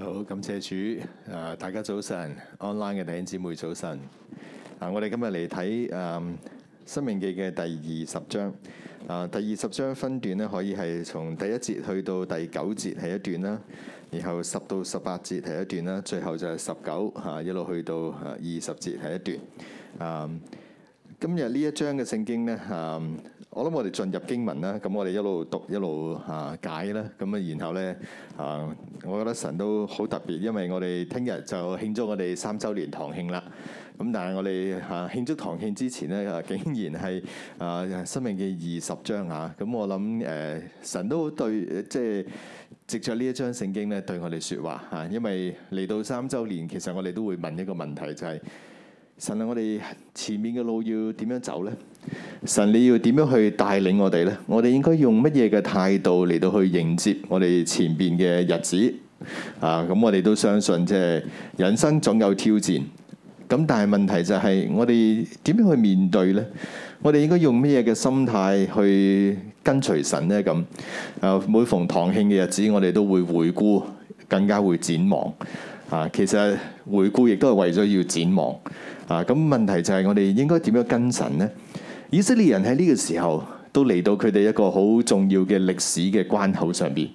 好，感謝主，誒大家早晨，online 嘅弟兄姊妹早晨。啊，我哋今日嚟睇誒申命記嘅第二十章。啊、嗯，第二十章分段咧可以係從第一節去到第九節係一段啦，然後十到十八節係一段啦，最後就係十九嚇一路去到二十節係一段。誒、嗯。今日呢一章嘅聖經咧，啊，我諗我哋進入經文啦，咁我哋一路讀一路啊解啦，咁啊然後咧啊，我覺得神都好特別，因為我哋聽日就慶祝我哋三週年堂慶啦。咁但係我哋啊慶祝堂慶之前咧，啊竟然係啊申命記嘅二十章啊，咁我諗誒神都對，即係藉着呢一章聖經咧對我哋説話啊，因為嚟到三週年，其實我哋都會問一個問題，就係。神，我哋前面嘅路要點樣走呢？神，你要點樣去帶領我哋呢？我哋應該用乜嘢嘅態度嚟到去迎接我哋前邊嘅日子啊？咁我哋都相信，即係人生總有挑戰。咁但係問題就係我哋點樣去面對呢？我哋應該用咩嘢嘅心態去跟隨神呢？咁、啊、每逢堂慶嘅日子，我哋都會回顧，更加會展望啊。其實回顧亦都係為咗要展望。啊，咁問題就係我哋應該點樣跟神呢？以色列人喺呢個時候都嚟到佢哋一個好重要嘅歷史嘅關口上邊。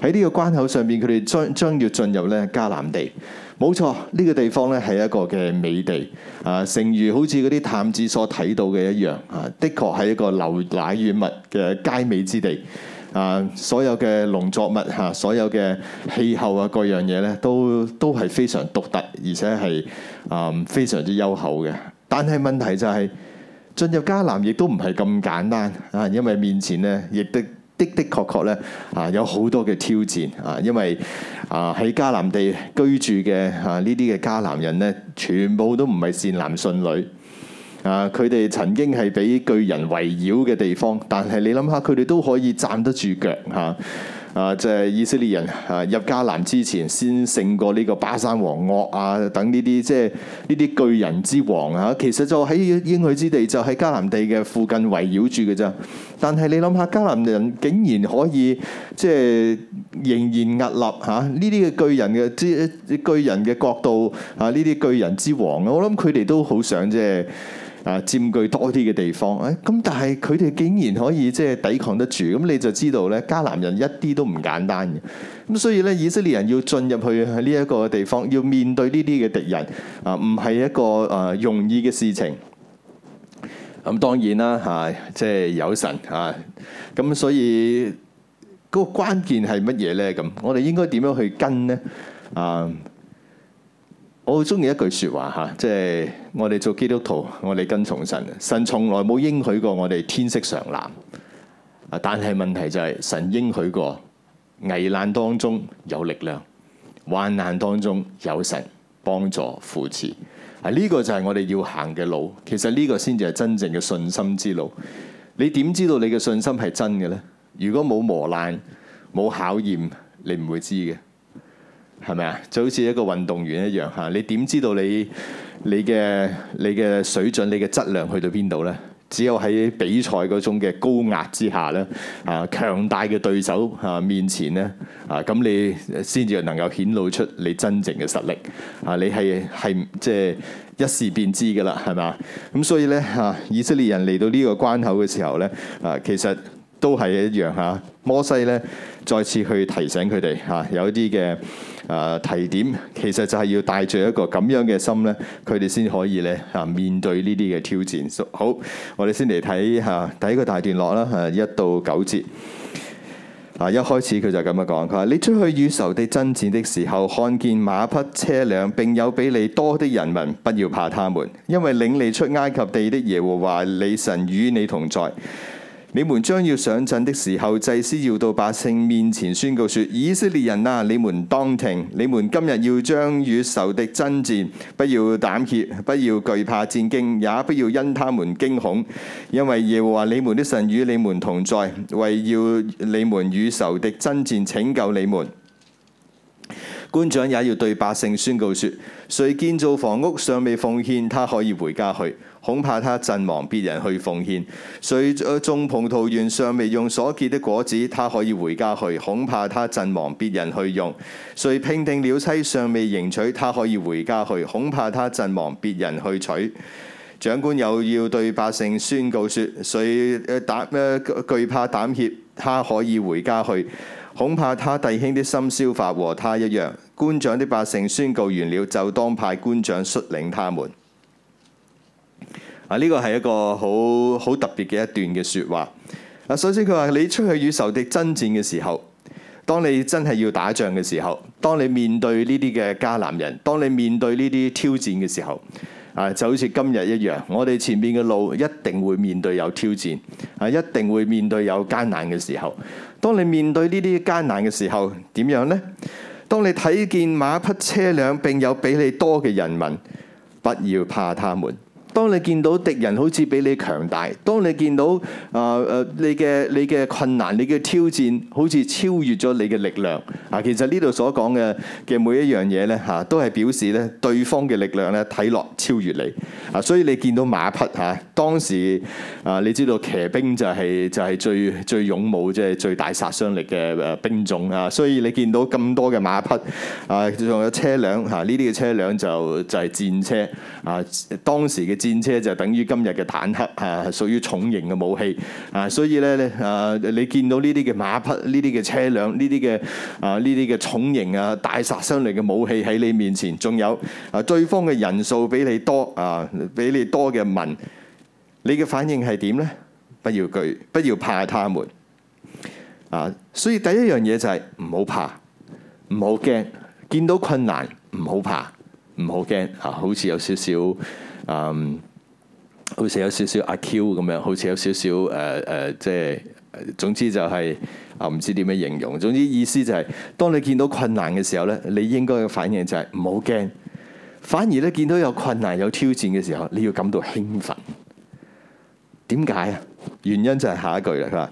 喺呢個關口上邊，佢哋將將要進入咧迦南地。冇錯，呢、這個地方咧係一個嘅美地。啊，正如好似嗰啲探子所睇到嘅一樣，啊，的確係一個流奶與蜜嘅佳美之地。啊，所有嘅農作物嚇，所有嘅氣候啊，各樣嘢咧，都都係非常獨特，而且係啊非常之優厚嘅。但係問題就係進入迦南亦都唔係咁簡單啊，因為面前呢，亦的的的確確咧啊有好多嘅挑戰啊，因為啊喺迦南地居住嘅啊呢啲嘅迦南人咧，全部都唔係善男信女。啊！佢哋曾經係俾巨人圍繞嘅地方，但係你諗下，佢哋都可以站得住腳嚇。啊，即、就、係、是、以色列人啊，入迦南之前先勝過呢個巴山王惡啊等呢啲即係呢啲巨人之王啊。其實就喺應許之地，就喺迦南地嘅附近圍繞住嘅啫。但係你諗下，迦南人竟然可以即係、就是、仍然屹、呃、立嚇呢啲嘅巨人嘅之、啊、巨人嘅國度啊，呢啲巨人之王啊，我諗佢哋都好想即係。啊，佔據多啲嘅地方，誒，咁但係佢哋竟然可以即係抵抗得住，咁你就知道咧，迦南人一啲都唔簡單嘅，咁所以咧，以色列人要進入去呢一個地方，要面對呢啲嘅敵人，啊，唔係一個誒容易嘅事情。咁當然啦，嚇，即係有神嚇，咁所以嗰個關鍵係乜嘢咧？咁我哋應該點樣去跟咧？啊！我好中意一句說話吓，即係我哋做基督徒，我哋跟從神，神從來冇應許過我哋天色常藍。但係問題就係神應許過危難當中有力量，患難當中有神幫助扶持。啊，呢個就係我哋要行嘅路。其實呢個先至係真正嘅信心之路。你點知道你嘅信心係真嘅呢？如果冇磨難、冇考驗，你唔會知嘅。係咪啊？就好似一個運動員一樣嚇，你點知道你你嘅你嘅水準，你嘅質量去到邊度呢？只有喺比賽嗰種嘅高壓之下呢，啊、嗯，強大嘅對手啊面前呢，啊，咁你先至能夠顯露出你真正嘅實力啊。你係係即係一試便知噶啦，係咪？咁所以呢，啊，以色列人嚟到呢個關口嘅時候呢，啊，其實都係一樣嚇。摩西呢，再次去提醒佢哋嚇，有一啲嘅。提點，其實就係要帶住一個咁樣嘅心呢，佢哋先可以咧，啊，面對呢啲嘅挑戰。好，我哋先嚟睇下第一個大段落啦。啊，一到九節一開始佢就咁樣講：佢話，你出去與仇敵爭戰的時候，看見馬匹、車輛，並有比你多的人民，不要怕他們，因為領你出埃及地的耶和華你神與你同在。你們將要上陣的時候，祭司要到百姓面前宣告說：以色列人啊，你們當聽，你們今日要將與仇敵爭戰，不要膽怯，不要懼怕戰兢，也不要因他們驚恐，因為耶和華你們的神與你們同在，為要你們與仇敵爭戰，拯救你們。官長也要對百姓宣告說：誰建造房屋尚未奉獻，他可以回家去，恐怕他陣亡；別人去奉獻。誰種葡萄園尚未用所結的果子，他可以回家去，恐怕他陣亡；別人去用。誰聘定了妻尚未迎娶，他可以回家去，恐怕他陣亡；別人去娶。」長官又要對百姓宣告說：誰膽、呃呃、懼怕膽怯，他可以回家去。恐怕他弟兄的心消化和他一樣。官長的百姓宣告完了，就當派官長率領他們。啊，呢個係一個好好特別嘅一段嘅説話。啊，首先佢話：你出去與仇敵爭戰嘅時候，當你真係要打仗嘅時候，當你面對呢啲嘅迦南人，當你面對呢啲挑戰嘅時候，啊，就好似今日一樣。我哋前面嘅路一定會面對有挑戰，啊，一定會面對有艱難嘅時候。當你面對呢啲艱難嘅時候，點樣呢？當你睇見馬匹、車輛並有比你多嘅人民，不要怕他們。當你見到敵人好似比你強大，當你見到啊誒、呃、你嘅你嘅困難、你嘅挑戰好似超越咗你嘅力量啊，其實呢度所講嘅嘅每一樣嘢咧嚇，都係表示咧對方嘅力量咧睇落超越你啊，所以你見到馬匹嚇、啊，當時啊你知道騎兵就係、是、就係、是、最最勇武即係、就是、最大殺傷力嘅誒兵種啊，所以你見到咁多嘅馬匹啊，仲有車輛嚇，呢啲嘅車輛就就係戰車啊，當時嘅。戰車就等於今日嘅坦克啊，屬於重型嘅武器啊，所以咧咧啊，你見到呢啲嘅馬匹、呢啲嘅車輛、呢啲嘅啊呢啲嘅重型啊大殺傷力嘅武器喺你面前，仲有啊對方嘅人數比你多啊，比你多嘅民，你嘅反應係點呢？不要懼，不要怕他們啊。所以第一樣嘢就係唔好怕，唔好驚，見到困難唔好怕，唔好驚啊。好似有少少～嗯，好似有少少阿 Q 咁樣，好似有少少誒誒、呃呃，即係總之就係、是、啊，唔知點樣形容。總之意思就係、是，當你見到困難嘅時候咧，你應該嘅反應就係唔好驚，反而咧見到有困難有挑戰嘅時候，你要感到興奮。點解啊？原因就係下一句啦。佢話：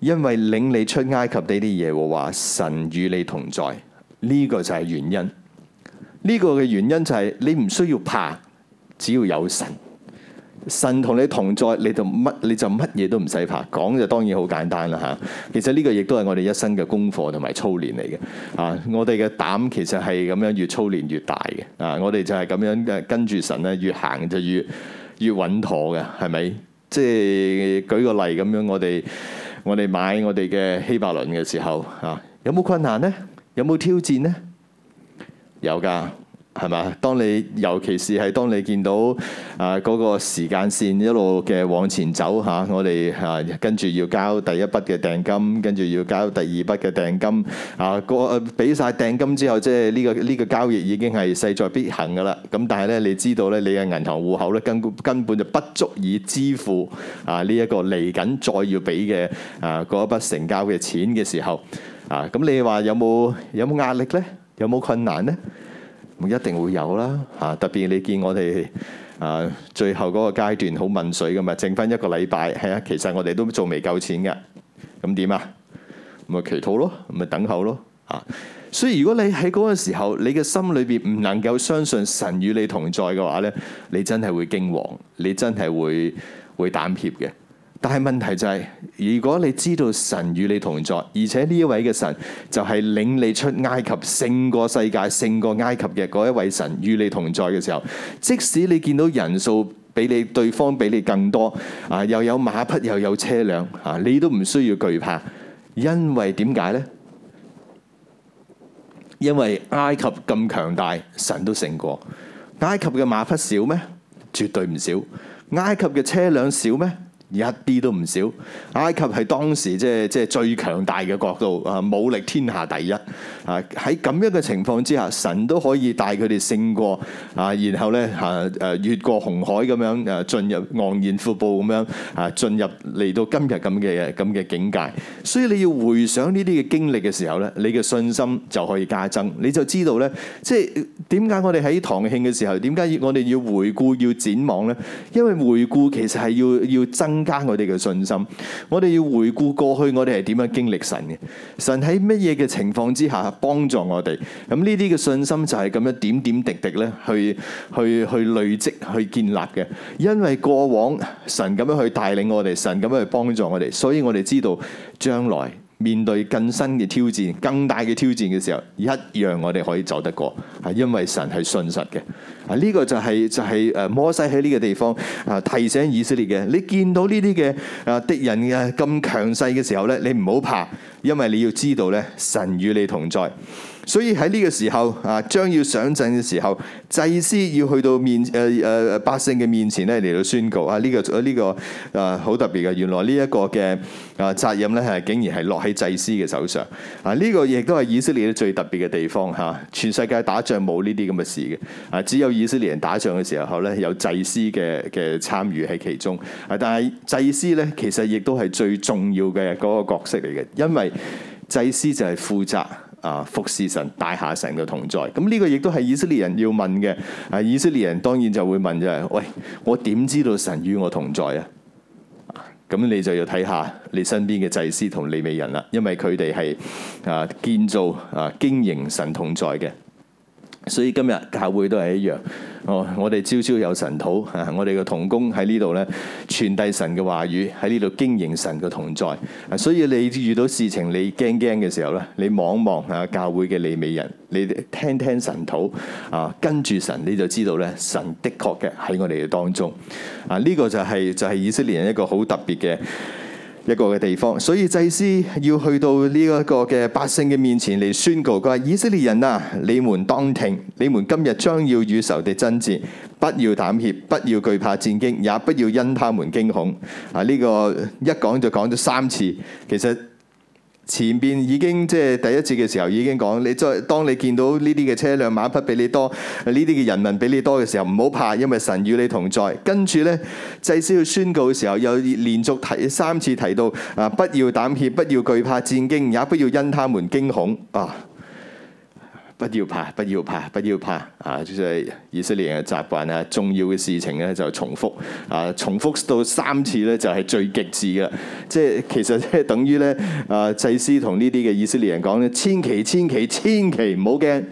因為領你出埃及呢啲嘢，話神與你同在，呢、這個就係原因。呢、這個嘅原因就係你唔需要怕。只要有神，神同你同在，你就乜你就乜嘢都唔使怕。講就當然好簡單啦吓。其實呢個亦都係我哋一生嘅功課同埋操練嚟嘅。啊，我哋嘅膽其實係咁樣越操練越大嘅。啊，我哋就係咁樣誒跟住神咧，越行就越越穩妥嘅，係咪？即係舉個例咁樣，我哋我哋買我哋嘅希伯倫嘅時候啊，有冇困難呢？有冇挑戰呢？有噶。係嘛？當你尤其是係當你見到啊嗰、那個時間線一路嘅往前走吓、啊，我哋啊跟住要交第一筆嘅訂金，跟住要交第二筆嘅訂金啊。個俾曬訂金之後，即係呢、這個呢、這個交易已經係勢在必行㗎喇。咁但係咧，你知道咧，你嘅銀行戶口咧根根本就不足以支付啊呢一個嚟緊再要俾嘅啊嗰一筆成交嘅錢嘅時候啊，咁你話有冇有冇壓力咧？有冇困難咧？一定會有啦，嚇！特別你見我哋啊最後嗰個階段好問水噶嘛，剩翻一個禮拜，係啊，其實我哋都做未夠錢嘅，咁點啊？咪祈禱咯，咪等候咯，嚇！所以如果你喺嗰個時候，你嘅心裏邊唔能夠相信神與你同在嘅話呢，你真係會驚惶，你真係會真會，會膽怯嘅。但係問題就係、是，如果你知道神與你同在，而且呢一位嘅神就係領你出埃及勝過世界、勝過埃及嘅嗰一位神與你同在嘅時候，即使你見到人數比你對方比你更多啊，又有馬匹又有車輛啊，你都唔需要懼怕，因為點解呢？因為埃及咁強大，神都勝過。埃及嘅馬匹少咩？絕對唔少。埃及嘅車輛少咩？一啲都唔少，埃及係當時即係即係最強大嘅國度，啊武力天下第一，啊喺咁樣嘅情況之下，神都可以帶佢哋勝過啊然後咧吓誒越過紅海咁樣誒進入昂然闊步咁樣啊進入嚟到今日咁嘅咁嘅境界，所以你要回想呢啲嘅經歷嘅時候咧，你嘅信心就可以加增，你就知道咧，即係點解我哋喺堂慶嘅時候，點解我哋要回顧要展望咧？因為回顧其實係要要增。加我哋嘅信心，我哋要回顧過去，我哋係點樣經歷神嘅？神喺乜嘢嘅情況之下幫助我哋？咁呢啲嘅信心就係咁樣點點滴滴咧，去去去累積去建立嘅。因為過往神咁樣去帶領我哋，神咁樣去幫助我哋，所以我哋知道將來面對更新嘅挑戰、更大嘅挑戰嘅時候，一樣我哋可以走得過，係因為神係信實嘅。啊！呢個就係就係誒摩西喺呢個地方啊，提醒以色列嘅。你見到呢啲嘅啊敵人嘅咁強勢嘅時候咧，你唔好怕，因為你要知道咧，神與你同在。所以喺呢個時候啊，將要上陣嘅時候，祭司要去到面誒誒誒百姓嘅面前咧，嚟到宣告啊！呢個誒呢個啊好特別嘅，原來呢一個嘅啊責任咧係竟然係落喺祭司嘅手上。啊！呢個亦都係以色列最特別嘅地方嚇，全世界打仗冇呢啲咁嘅事嘅啊，只有。以色列人打仗嘅時候，咧有祭司嘅嘅參與係其中，但係祭司咧其實亦都係最重要嘅嗰個角色嚟嘅，因為祭司就係負責啊服侍神、大下神嘅同在。咁呢個亦都係以色列人要問嘅。啊，以色列人當然就會問就係：喂，我點知道神與我同在啊？咁你就要睇下你身邊嘅祭司同利未人啦，因為佢哋係啊建造，啊經營神同在嘅。所以今日教會都係一樣哦。我哋朝朝有神土，我哋嘅同工喺呢度呢，傳遞神嘅話語，喺呢度經營神嘅同在。所以你遇到事情你驚驚嘅時候呢，你望望啊，教會嘅利美人，你聽聽神土啊，跟住神你就知道呢，神的確嘅喺我哋嘅當中啊。呢個就係就係以色列人一個好特別嘅。一個嘅地方，所以祭司要去到呢一個嘅百姓嘅面前嚟宣告，佢話：以色列人啊，你們當聽，你們今日將要與仇敵爭戰，不要膽怯，不要懼怕戰兢，也不要因他們驚恐。啊，呢、這個一講就講咗三次，其實。前邊已經即係第一節嘅時候已經講，你再當你見到呢啲嘅車輛馬匹比你多，呢啲嘅人民比你多嘅時候，唔好怕，因為神與你同在。跟住呢，祭司要宣告嘅時候，又連續提三次提到啊，不要膽怯，不要懼怕戰驚，也不要因他們驚恐啊。不要怕，不要怕，不要怕！啊，即係以色列人嘅習慣啊。重要嘅事情咧就重複啊，重複到三次咧就係最極致嘅。即係其實即係等於咧啊，祭司同呢啲嘅以色列人講咧，千祈千祈千祈唔好驚。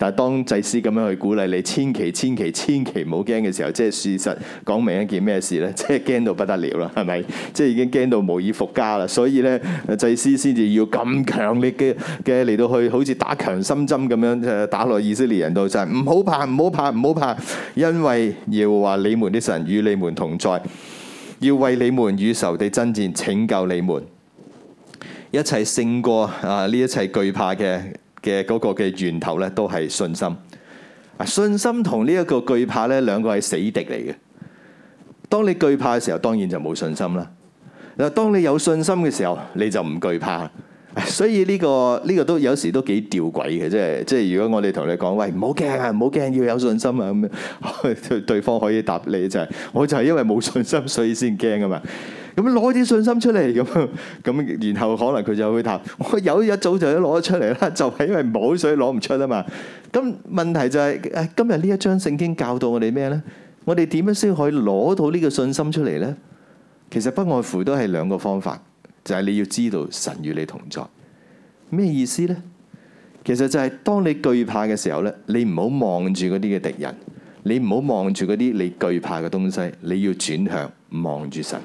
但係當祭司咁樣去鼓勵你，千祈千祈千祈唔好驚嘅時候，即係事實講明一件咩事咧？即係驚到不得了啦，係咪？即係已經驚到無以復加啦。所以咧，祭司先至要咁強烈嘅嘅嚟到去，好似打強心針咁樣誒，打落以色列人度就係唔好怕，唔好怕，唔好怕，唔好怕，因為耶和華你們啲神與你們同在，要為你們與仇敵爭戰，拯救你們，一切勝過啊！呢一切懼怕嘅。嘅嗰個嘅源頭咧，都係信心。信心同呢一個懼怕咧，兩個係死敵嚟嘅。當你懼怕嘅時候，當然就冇信心啦。嗱，當你有信心嘅時候，你就唔懼怕。所以呢個呢個都有時都幾吊詭嘅，即係即係如果我哋同你講，喂，唔好驚啊，唔好驚，要有信心啊，咁樣對方可以答你就係，我就係因為冇信心所以先驚啊嘛。咁攞啲信心出嚟咁，咁然後可能佢就會答，我有一早就攞咗出嚟啦，就係因為冇所以攞唔出啊嘛。咁問題就係，誒今日呢一章聖經教到我哋咩呢？我哋點樣先可以攞到呢個信心出嚟呢？其實不外乎都係兩個方法。就係你要知道神與你同在，咩意思呢？其實就係當你懼怕嘅時候咧，你唔好望住嗰啲嘅敵人，你唔好望住嗰啲你懼怕嘅東西，你要轉向望住神。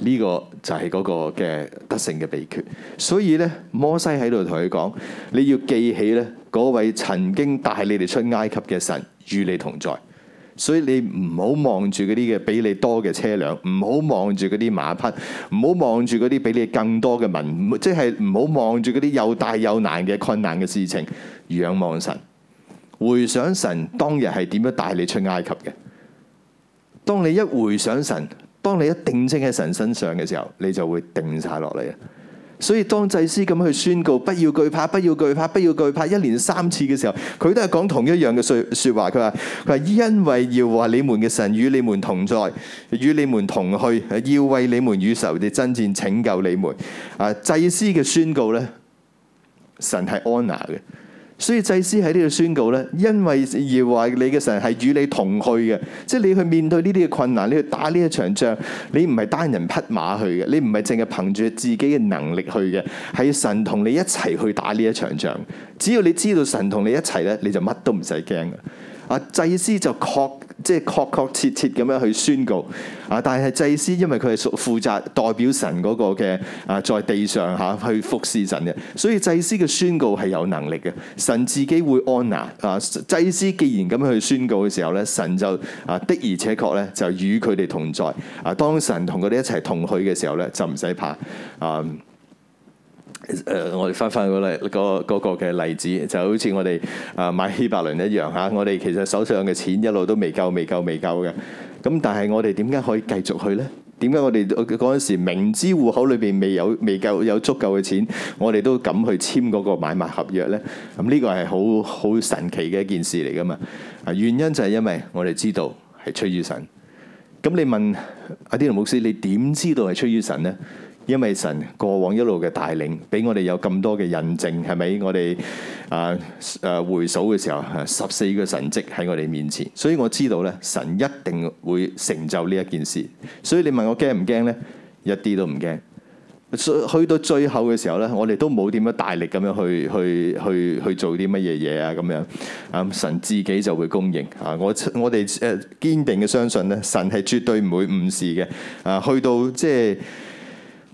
呢個就係嗰個嘅得勝嘅秘訣。所以咧，摩西喺度同佢講，你要記起咧，嗰位曾經帶你哋出埃及嘅神與你同在。所以你唔好望住嗰啲嘅比你多嘅車輛，唔好望住嗰啲馬匹，唔好望住嗰啲比你更多嘅民，即係唔好望住嗰啲又大又難嘅困難嘅事情，仰望神，回想神當日係點樣帶你出埃及嘅。當你一回想神，當你一定睛喺神身上嘅時候，你就會定晒落嚟。所以當祭司咁去宣告不要懼怕、不要懼怕、不要懼怕一連三次嘅時候，佢都係講同一樣嘅說說話。佢話佢話因為要話你們嘅神與你們同在，與你們同去，要為你們與仇敵爭戰拯救你們。啊，祭司嘅宣告呢，神係安娜嘅。所以祭司喺呢度宣告咧，因為而話你嘅神係與你同去嘅，即係你去面對呢啲嘅困難，你去打呢一場仗，你唔係單人匹馬去嘅，你唔係淨係憑住自己嘅能力去嘅，係神同你一齊去打呢一場仗。只要你知道神同你一齊咧，你就乜都唔使驚嘅。啊，祭司就確。即係確確切切咁樣去宣告，啊！但係祭司因為佢係屬負責代表神嗰個嘅啊，在地上吓去服侍神嘅，所以祭司嘅宣告係有能力嘅。神自己會安納啊！祭司既然咁樣去宣告嘅時候咧，神就啊的而且確咧就與佢哋同在啊！當神同佢哋一齊同去嘅時候呢，就唔使怕啊！誒、呃，我哋翻翻個例子，嗰個嘅、嗰個、例子就好似我哋啊買希伯倫一樣嚇、啊，我哋其實手上嘅錢一路都未夠、未夠、未夠嘅。咁但係我哋點解可以繼續去呢？點解我哋嗰陣時明知戶口裏邊未有、未夠有足夠嘅錢，我哋都敢去簽嗰個買賣合約呢？咁呢個係好好神奇嘅一件事嚟㗎嘛。啊，原因就係因為我哋知道係出於神。咁你問阿天路牧師，你點知道係出於神呢？因為神過往一路嘅帶領，俾我哋有咁多嘅印證，係咪？我哋啊誒回數嘅時候，十四個神跡喺我哋面前，所以我知道咧，神一定會成就呢一件事。所以你問我驚唔驚呢？一啲都唔驚。去到最後嘅時候咧，我哋都冇點樣大力咁樣去去去去做啲乜嘢嘢啊？咁樣啊、呃，神自己就會供應啊。我我哋誒堅定嘅相信咧，神係絕對唔會誤事嘅啊。去到即係。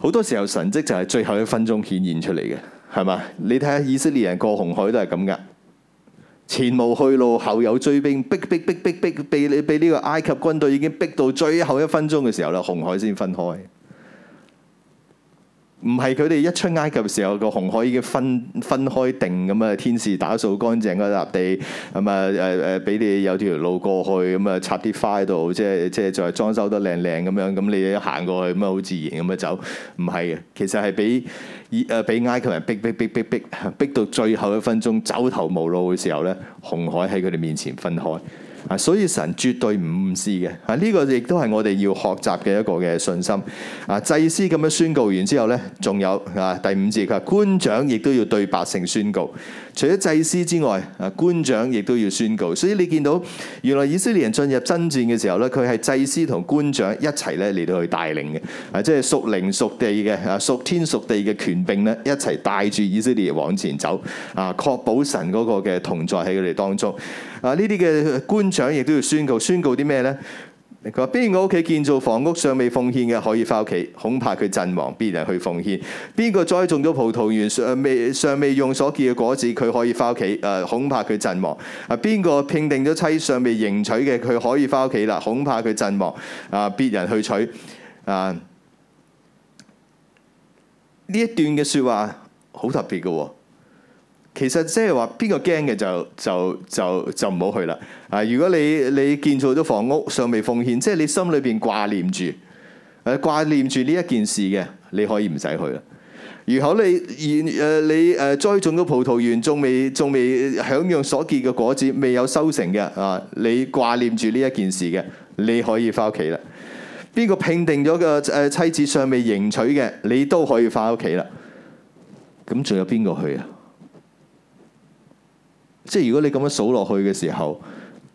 好多時候神跡就係最後一分鐘顯現出嚟嘅，係嘛？你睇下以色列人過紅海都係咁㗎，前無去路，後有追兵，逼逼逼逼逼，被呢被呢個埃及軍隊已經逼到最後一分鐘嘅時候啦，紅海先分開。唔係佢哋一出埃及嘅時候，個紅海已經分分開定咁啊，天使打掃乾淨嗰笪地，咁啊誒誒俾你有條路過去，咁、嗯、啊插啲花喺度，即係即係再裝修得靚靚咁樣，咁、嗯、一你行過去咁啊好自然咁啊走，唔係嘅，其實係俾誒俾埃及人逼逼逼逼逼逼到最後一分鐘走投無路嘅時候咧，紅海喺佢哋面前分開。啊！所以神絕對唔誤事嘅，啊呢個亦都係我哋要學習嘅一個嘅信心。啊，祭司咁樣宣告完之後咧，仲有啊第五節佢官長亦都要對百姓宣告。除咗祭司之外，啊官長亦都要宣告，所以你見到原來以色列人進入爭戰嘅時候咧，佢係祭司同官長一齊咧嚟到去帶領嘅，啊即係屬靈屬地嘅啊屬天屬地嘅權柄咧一齊帶住以色列人往前走，啊確保神嗰個嘅同在喺佢哋當中，啊呢啲嘅官長亦都要宣告，宣告啲咩咧？佢話：邊個屋企建造房屋尚未奉獻嘅，可以翻屋企，恐怕佢陣亡；別人去奉獻。邊個栽種咗葡萄園尚未尚未用所結嘅果子，佢可以翻屋企，誒、呃、恐怕佢陣亡。啊，邊個聘定咗妻尚未迎娶嘅，佢可以翻屋企啦，恐怕佢陣亡。啊、呃，別人去娶。啊、呃，呢一段嘅説話好特別嘅、哦。其實即係話，邊個驚嘅就就就就唔好去啦。啊，如果你你建造咗房屋，尚未奉獻，即係你心裏邊掛念住誒，掛念住呢一件事嘅，你可以唔使去啦。如果你現誒你誒栽種咗葡萄園，仲未仲未享用所結嘅果子，未有收成嘅啊，你掛念住呢一件事嘅，你可以翻屋企啦。邊個聘定咗個誒妻子，尚未迎娶嘅，你都可以翻屋企啦。咁仲有邊個去啊？即係如果你咁樣數落去嘅時候，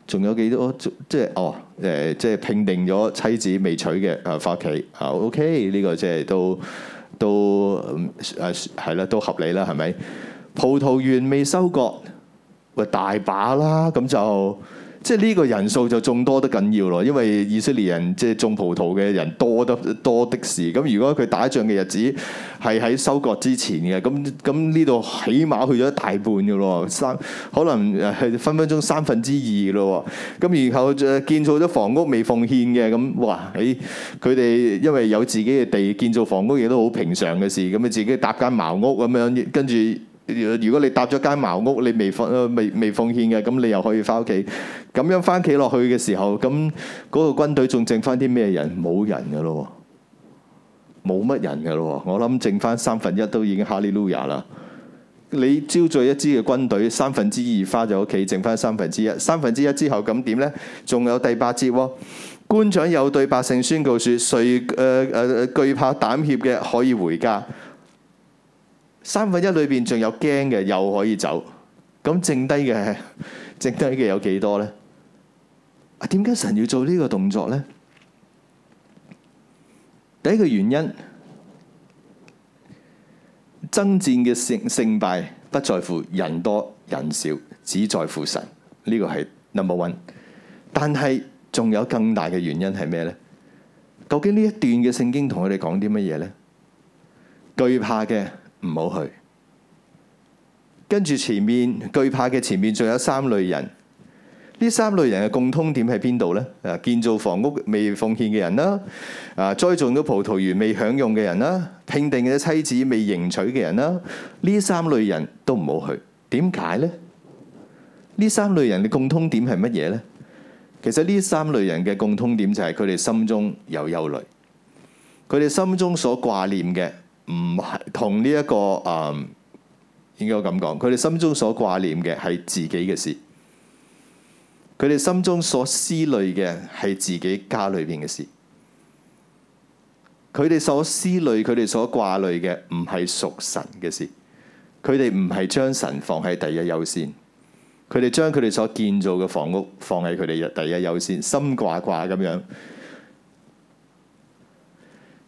仲有幾多？即係哦，誒，即係聘定咗妻子未娶嘅啊，返屋企啊，OK，呢個即係都都誒係啦，都合理啦，係咪？葡萄園未收割，喂大把啦，咁就。即係呢個人數就眾多得緊要咯，因為以色列人即係種葡萄嘅人多得多的士。咁如果佢打仗嘅日子係喺收割之前嘅，咁咁呢度起碼去咗一大半嘅咯，三可能係分分鐘三分之二咯。咁然後建造咗房屋未奉獻嘅，咁哇，誒佢哋因為有自己嘅地建造房屋亦都好平常嘅事，咁啊自己搭間茅屋咁樣，跟住如果你搭咗間茅屋你未奉未未奉獻嘅，咁你又可以返屋企。咁樣翻企落去嘅時候，咁、那、嗰個軍隊仲剩翻啲咩人？冇人嘅咯，冇乜人嘅咯。我諗剩翻三分一都已經哈利路亞啦！你招聚一支嘅軍隊，三分之二翻咗屋企，剩翻三分之一。三分之一之後咁點呢？仲有第八節喎。官長又對百姓宣告說：誰誒誒、呃、懼怕膽怯嘅可以回家。三分一裏邊仲有驚嘅又可以走。咁剩低嘅，剩低嘅有幾多呢？啊！點解神要做呢個動作呢？第一個原因，爭戰嘅勝勝敗不在乎人多人少，只在乎神。呢個係 number one。但係仲有更大嘅原因係咩呢？究竟呢一段嘅聖經同我哋講啲乜嘢呢？「懼怕嘅唔好去」。跟住前面懼怕嘅前面，仲有三類人。呢三類人嘅共通點喺邊度呢？啊，建造房屋未奉獻嘅人啦，啊，栽種到葡萄園未享用嘅人啦，聘定嘅妻子未迎娶嘅人啦，呢三類人都唔好去。點解呢？呢三類人嘅共通點係乜嘢呢？其實呢三類人嘅共通點就係佢哋心中有憂慮，佢哋心中所掛念嘅唔係同呢一個啊、呃，應該咁講，佢哋心中所掛念嘅係自己嘅事。佢哋心中所思慮嘅係自己家裏邊嘅事，佢哋所思慮、佢哋所掛慮嘅唔係屬神嘅事，佢哋唔係將神放喺第一優先，佢哋將佢哋所建造嘅房屋放喺佢哋嘅第一優先，心掛掛咁樣，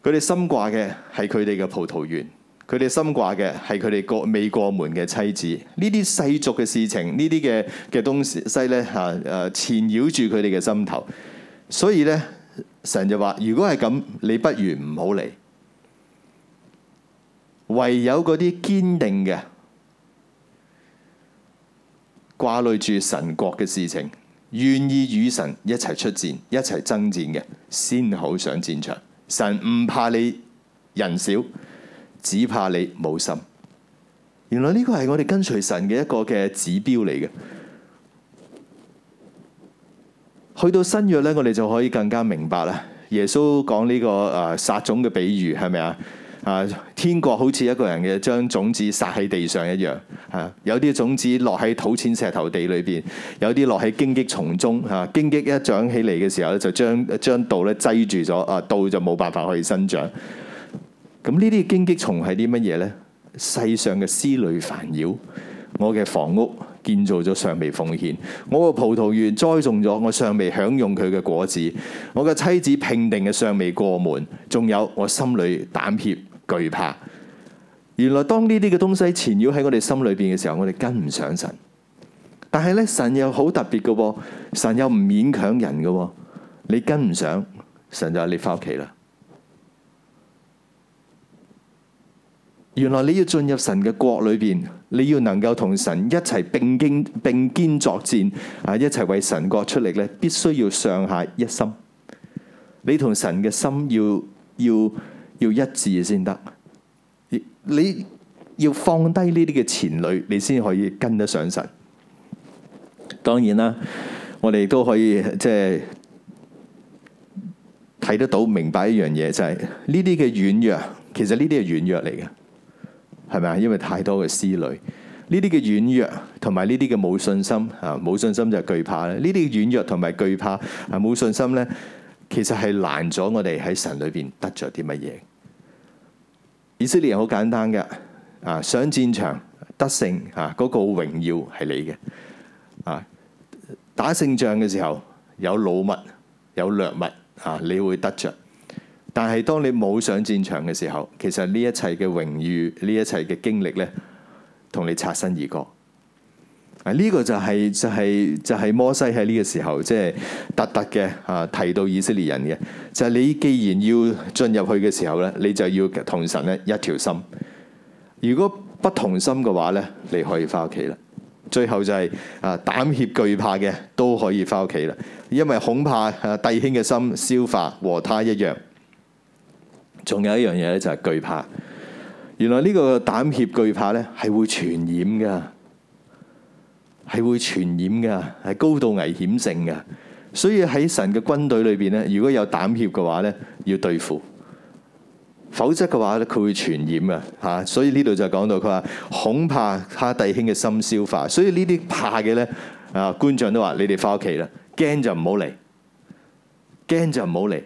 佢哋心掛嘅係佢哋嘅葡萄園。佢哋心掛嘅係佢哋過未過門嘅妻子，呢啲世俗嘅事情，呢啲嘅嘅東西咧，嚇，誒，纏繞住佢哋嘅心頭，所以咧，神就話：如果係咁，你不如唔好嚟。唯有嗰啲堅定嘅掛慮住神國嘅事情，願意與神一齊出戰、一齊爭戰嘅，先好上戰場。神唔怕你人少。只怕你冇心。原來呢個係我哋跟隨神嘅一個嘅指標嚟嘅。去到新約呢，我哋就可以更加明白啦。耶穌講呢個誒撒種嘅比喻係咪啊？啊，天國好似一個人嘅將種子撒喺地上一樣。嚇，有啲種子落喺土淺石頭地裏邊，有啲落喺荊棘叢中。嚇，荊棘一長起嚟嘅時候咧，就將將道咧擠住咗。啊，道就冇辦法可以生長。咁呢啲荊棘叢係啲乜嘢呢？世上嘅思慮煩擾，我嘅房屋建造咗尚未奉獻，我嘅葡萄園栽種咗我尚未享用佢嘅果子，我嘅妻子聘定嘅尚未過門，仲有我心裏膽怯懼怕。原來當呢啲嘅東西纏繞喺我哋心裏邊嘅時候，我哋跟唔上神。但係呢，神又好特別㗎，神又唔勉強人㗎，你跟唔上，神就話你翻屋企啦。原來你要進入神嘅國裏邊，你要能夠同神一齊並肩並肩作戰，啊，一齊為神國出力咧，必須要上下一心。你同神嘅心要要要一致先得。你要放低呢啲嘅前慮，你先可以跟得上神。當然啦，我哋都可以即係睇得到、明白一樣嘢，就係呢啲嘅軟弱，其實呢啲係軟弱嚟嘅。係咪啊？因為太多嘅思慮，呢啲嘅軟弱同埋呢啲嘅冇信心啊！冇信心就係懼怕咧。呢啲嘅軟弱同埋懼怕啊，冇信心咧，其實係難咗我哋喺神裏邊得着啲乜嘢。以色列人好簡單嘅啊，上戰場得勝啊，嗰個榮耀係你嘅啊。打勝仗嘅時候有老物有掠物啊，你會得着。但係，當你冇上戰場嘅時候，其實呢一切嘅榮譽，呢一切嘅經歷呢，同你擦身而過。呢、啊呢個就係、是、就係、是、就係、是、摩西喺呢個時候即係特特嘅啊提到以色列人嘅就係、是、你既然要進入去嘅時候呢，你就要同神呢一條心。如果不同心嘅話呢，你可以翻屋企啦。最後就係、是、啊膽怯懼懼、懼怕嘅都可以翻屋企啦，因為恐怕弟兄嘅心消化和他一樣。仲有一樣嘢咧，就係懼怕。原來呢個膽怯懼怕咧，係會傳染噶，係會傳染噶，係高度危險性噶。所以喺神嘅軍隊裏邊咧，如果有膽怯嘅話咧，要對付，否則嘅話咧，佢會傳染啊！嚇，所以呢度就講到佢話，恐怕他弟兄嘅心消化。所以呢啲怕嘅咧，啊官長都話：你哋返屋企啦，驚就唔好嚟，驚就唔好嚟。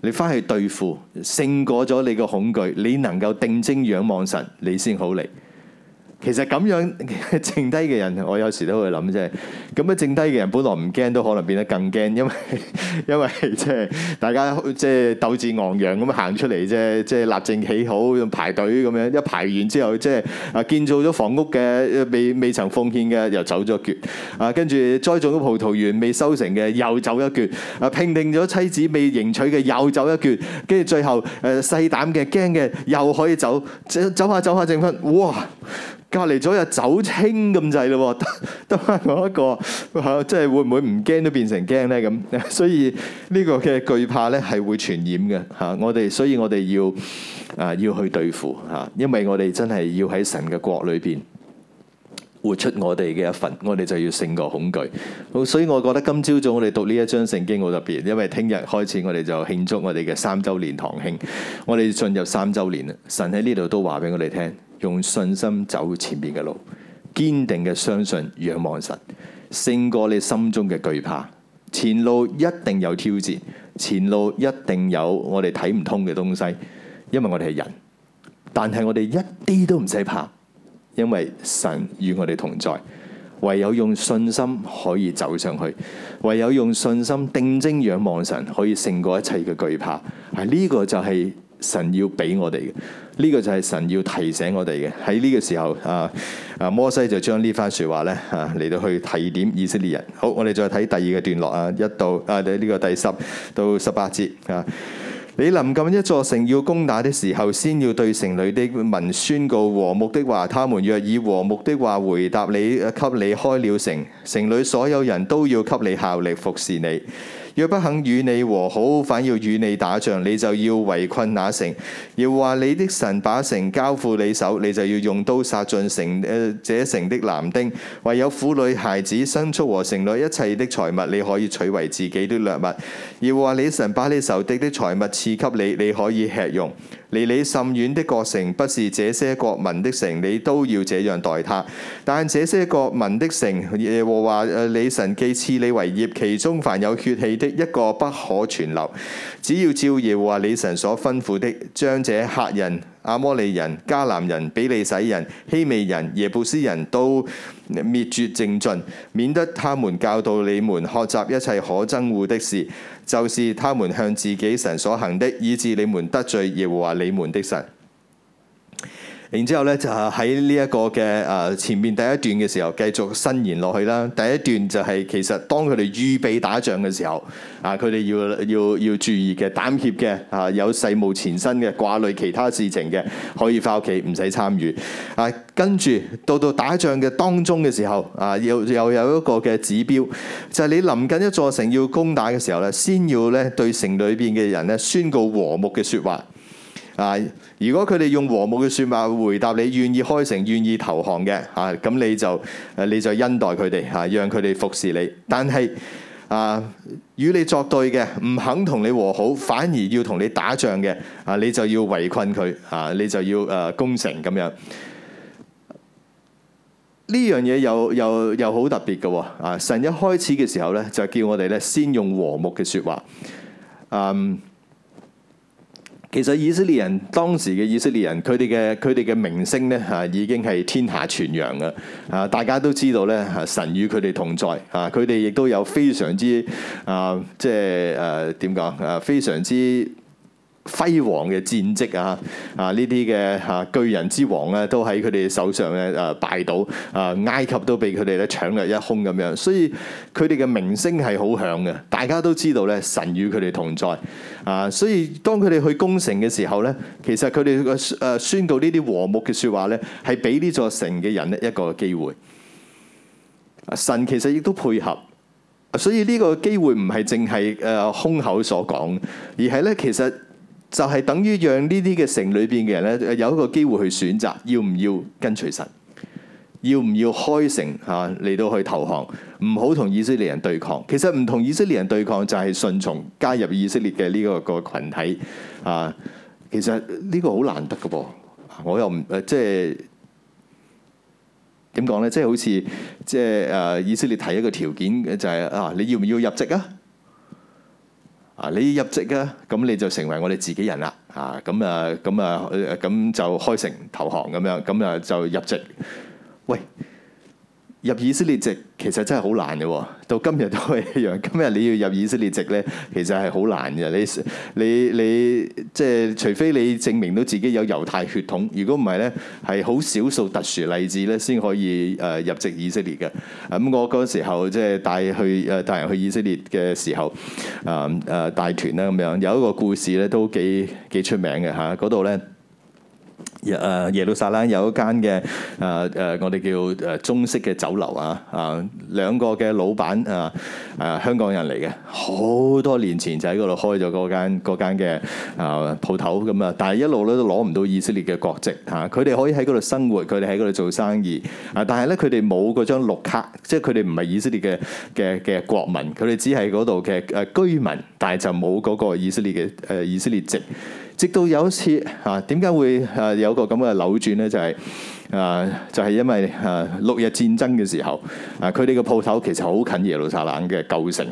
你返去對付，勝過咗你嘅恐懼，你能夠定睛仰望神，你先好嚟。其實咁樣剩低嘅人，我有時都會諗，即係咁樣剩低嘅人，本來唔驚，都可能變得更驚，因為因為即係大家即係鬥志昂揚咁行出嚟，即係即係立正起好，排隊咁樣一排完之後，即係啊建造咗房屋嘅未未曾奉獻嘅又走咗一橛，啊跟住栽種咗葡萄園未收成嘅又走一橛，啊聘定咗妻子未迎娶嘅又走一橛，跟住最後誒細膽嘅驚嘅又可以走，走下走下走下剩翻，哇！隔離咗日走清咁滯咯，得得翻我一個，即係會唔會唔驚都變成驚咧咁？所以呢個嘅懼怕咧係會傳染嘅嚇，我哋所以我哋要啊要去對付嚇，因為我哋真係要喺神嘅國裏邊活出我哋嘅一份，我哋就要勝過恐懼。好，所以我覺得今朝早我哋讀呢一章聖經好特別，因為聽日開始我哋就慶祝我哋嘅三週年堂慶，我哋進入三週年啦。神喺呢度都話俾我哋聽。用信心走前面嘅路，堅定嘅相信仰望神，勝過你心中嘅懼怕。前路一定有挑戰，前路一定有我哋睇唔通嘅東西，因為我哋係人。但係我哋一啲都唔使怕，因為神與我哋同在。唯有用信心可以走上去，唯有用信心定睛仰望神，可以勝過一切嘅懼怕。係呢個就係、是。神要俾我哋嘅，呢個就係神要提醒我哋嘅。喺呢個時候，啊啊摩西就將呢番說話咧，啊嚟到去提點以色列人。好，我哋再睇第二個段落啊，一到啊呢個第十到十八節啊。 你臨近一座城要攻打的時候，先要對城裏的民宣告和睦的話。他們若以和睦的話回答你，給你開了城，城裏所有人都要給你效力服侍你。若不肯與你和好，反要與你打仗，你就要圍困那城；耶和華你的神把城交付你手，你就要用刀殺盡城誒這城的男丁，唯有婦女、孩子、牲畜和城內一切的財物，你可以取為自己的掠物；耶和華你神把你仇敵的財物賜給你，你可以吃用。離你甚遠的國城，不是這些國民的城，你都要這樣待他；但這些國民的城，耶和華誒你神既賜你為業，其中凡有血氣的，一個不可存留，只要照耶和華你神所吩咐的，將這客人、亞摩利人、迦南人、比利洗人、希未人、耶布斯人都滅絕淨盡，免得他們教導你們學習一切可憎惡的事，就是他們向自己神所行的，以致你們得罪耶和華你們的神。然之後咧，就喺呢一個嘅誒前面第一段嘅時候，繼續伸延落去啦。第一段就係其實當佢哋預備打仗嘅時候，啊，佢哋要要要注意嘅膽怯嘅啊，有世務纏身嘅掛慮其他事情嘅，可以翻屋企唔使參與。啊，跟住到到打仗嘅當中嘅時候，啊，又又有一個嘅指標，就係你臨近一座城要攻打嘅時候咧，先要咧對城裏邊嘅人咧宣告和睦嘅説話。啊！如果佢哋用和睦嘅説話回答你，願意開城、願意投降嘅，啊，咁你就誒，你就恩待佢哋，啊，讓佢哋服侍你。但係啊、呃，與你作對嘅，唔肯同你和好，反而要同你打仗嘅，啊，你就要圍困佢，啊，你就要誒攻城咁樣。呢樣嘢又又又好特別嘅喎！啊，神一開始嘅時候咧，就叫我哋咧先用和睦嘅説話，嗯。其實以色列人當時嘅以色列人，佢哋嘅佢哋嘅名聲咧，嚇已經係天下傳揚嘅嚇，大家都知道咧，嚇神與佢哋同在嚇，佢哋亦都有非常之啊、呃、即係誒點講啊非常之。輝煌嘅戰績啊！啊呢啲嘅啊巨人之王咧，都喺佢哋手上咧啊敗倒啊！埃及都俾佢哋咧搶掠一空咁樣，所以佢哋嘅名聲係好響嘅，大家都知道咧，神與佢哋同在啊！所以當佢哋去攻城嘅時候咧，其實佢哋嘅誒宣告呢啲和睦嘅説話咧，係俾呢座城嘅人咧一個嘅機會。神其實亦都配合，所以呢個機會唔係淨係誒空口所講，而係咧其實。就係等於讓呢啲嘅城裏邊嘅人咧，有一個機會去選擇要唔要跟隨神，要唔要開城嚇嚟到去投降，唔好同以色列人對抗。其實唔同以色列人對抗就係順從加入以色列嘅呢個個群體啊。其實呢個好難得嘅噃，我又唔即係點講咧？即係好似即係誒以色列提一個條件，就係、是、啊，你要唔要入籍啊？啊！你入職啊，咁你就成為我哋自己人啦。啊，咁啊，咁啊，咁、啊啊啊啊、就開城投降咁樣，咁啊，啊就入職 喂。入以色列籍其實真係好難嘅，到今日都係一樣。今日你要入以色列籍呢，其實係好難嘅。你你你即係、就是、除非你證明到自己有猶太血統，如果唔係呢，係好少數特殊例子呢，先可以誒入籍以色列嘅。咁、嗯、我嗰時候即係帶去誒帶人去以色列嘅時候，誒誒大團啦咁樣，有一個故事呢，都幾幾出名嘅嚇，嗰度呢。耶誒耶路撒冷有一間嘅誒誒，我哋叫誒中式嘅酒樓啊啊，兩個嘅老闆啊啊，香港人嚟嘅，好多年前就喺嗰度開咗嗰間嗰間嘅啊鋪頭咁啊，但係一路咧都攞唔到以色列嘅國籍嚇，佢、啊、哋可以喺嗰度生活，佢哋喺嗰度做生意啊，但係咧佢哋冇嗰張綠卡，即係佢哋唔係以色列嘅嘅嘅國民，佢哋只係嗰度嘅誒居民，但係就冇嗰個以色列嘅誒、呃、以色列籍。直到有一次，啊，點解會誒有個咁嘅扭轉咧？就係、是。啊，就係因為啊，六日戰爭嘅時候，啊，佢哋嘅鋪頭其實好近耶路撒冷嘅舊城。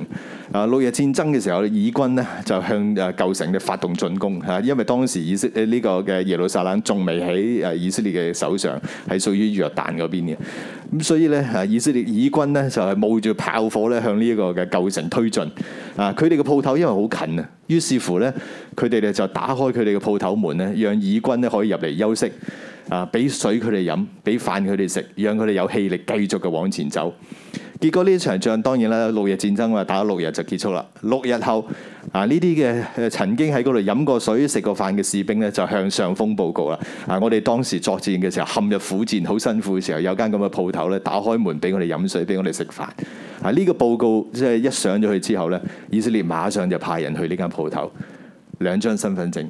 啊，六日戰爭嘅時候，以軍呢就向啊舊城嘅發動進攻嚇，啊，因為當時以色呢個嘅耶路撒冷仲未喺啊以色列嘅手上，係屬於約旦嗰邊嘅。咁所以咧啊，以色列以軍呢就係冒住炮火咧向呢一個嘅舊城推進。啊，佢哋嘅鋪頭因為好近啊，於是乎咧佢哋咧就打開佢哋嘅鋪頭門咧，讓以軍咧可以入嚟休息。啊！俾水佢哋飲，俾飯佢哋食，讓佢哋有氣力繼續嘅往前走。結果呢場仗當然啦，六日戰爭啊，打咗六日就結束啦。六日後，啊呢啲嘅曾經喺嗰度飲過水、食過飯嘅士兵呢，就向上峰報告啦。啊，我哋當時作戰嘅時候，陷入苦戰，好辛苦嘅時候，有間咁嘅鋪頭呢，打開門俾我哋飲水，俾我哋食飯。啊，呢個報告即係一上咗去之後呢，以色列馬上就派人去呢間鋪頭，兩張身份證，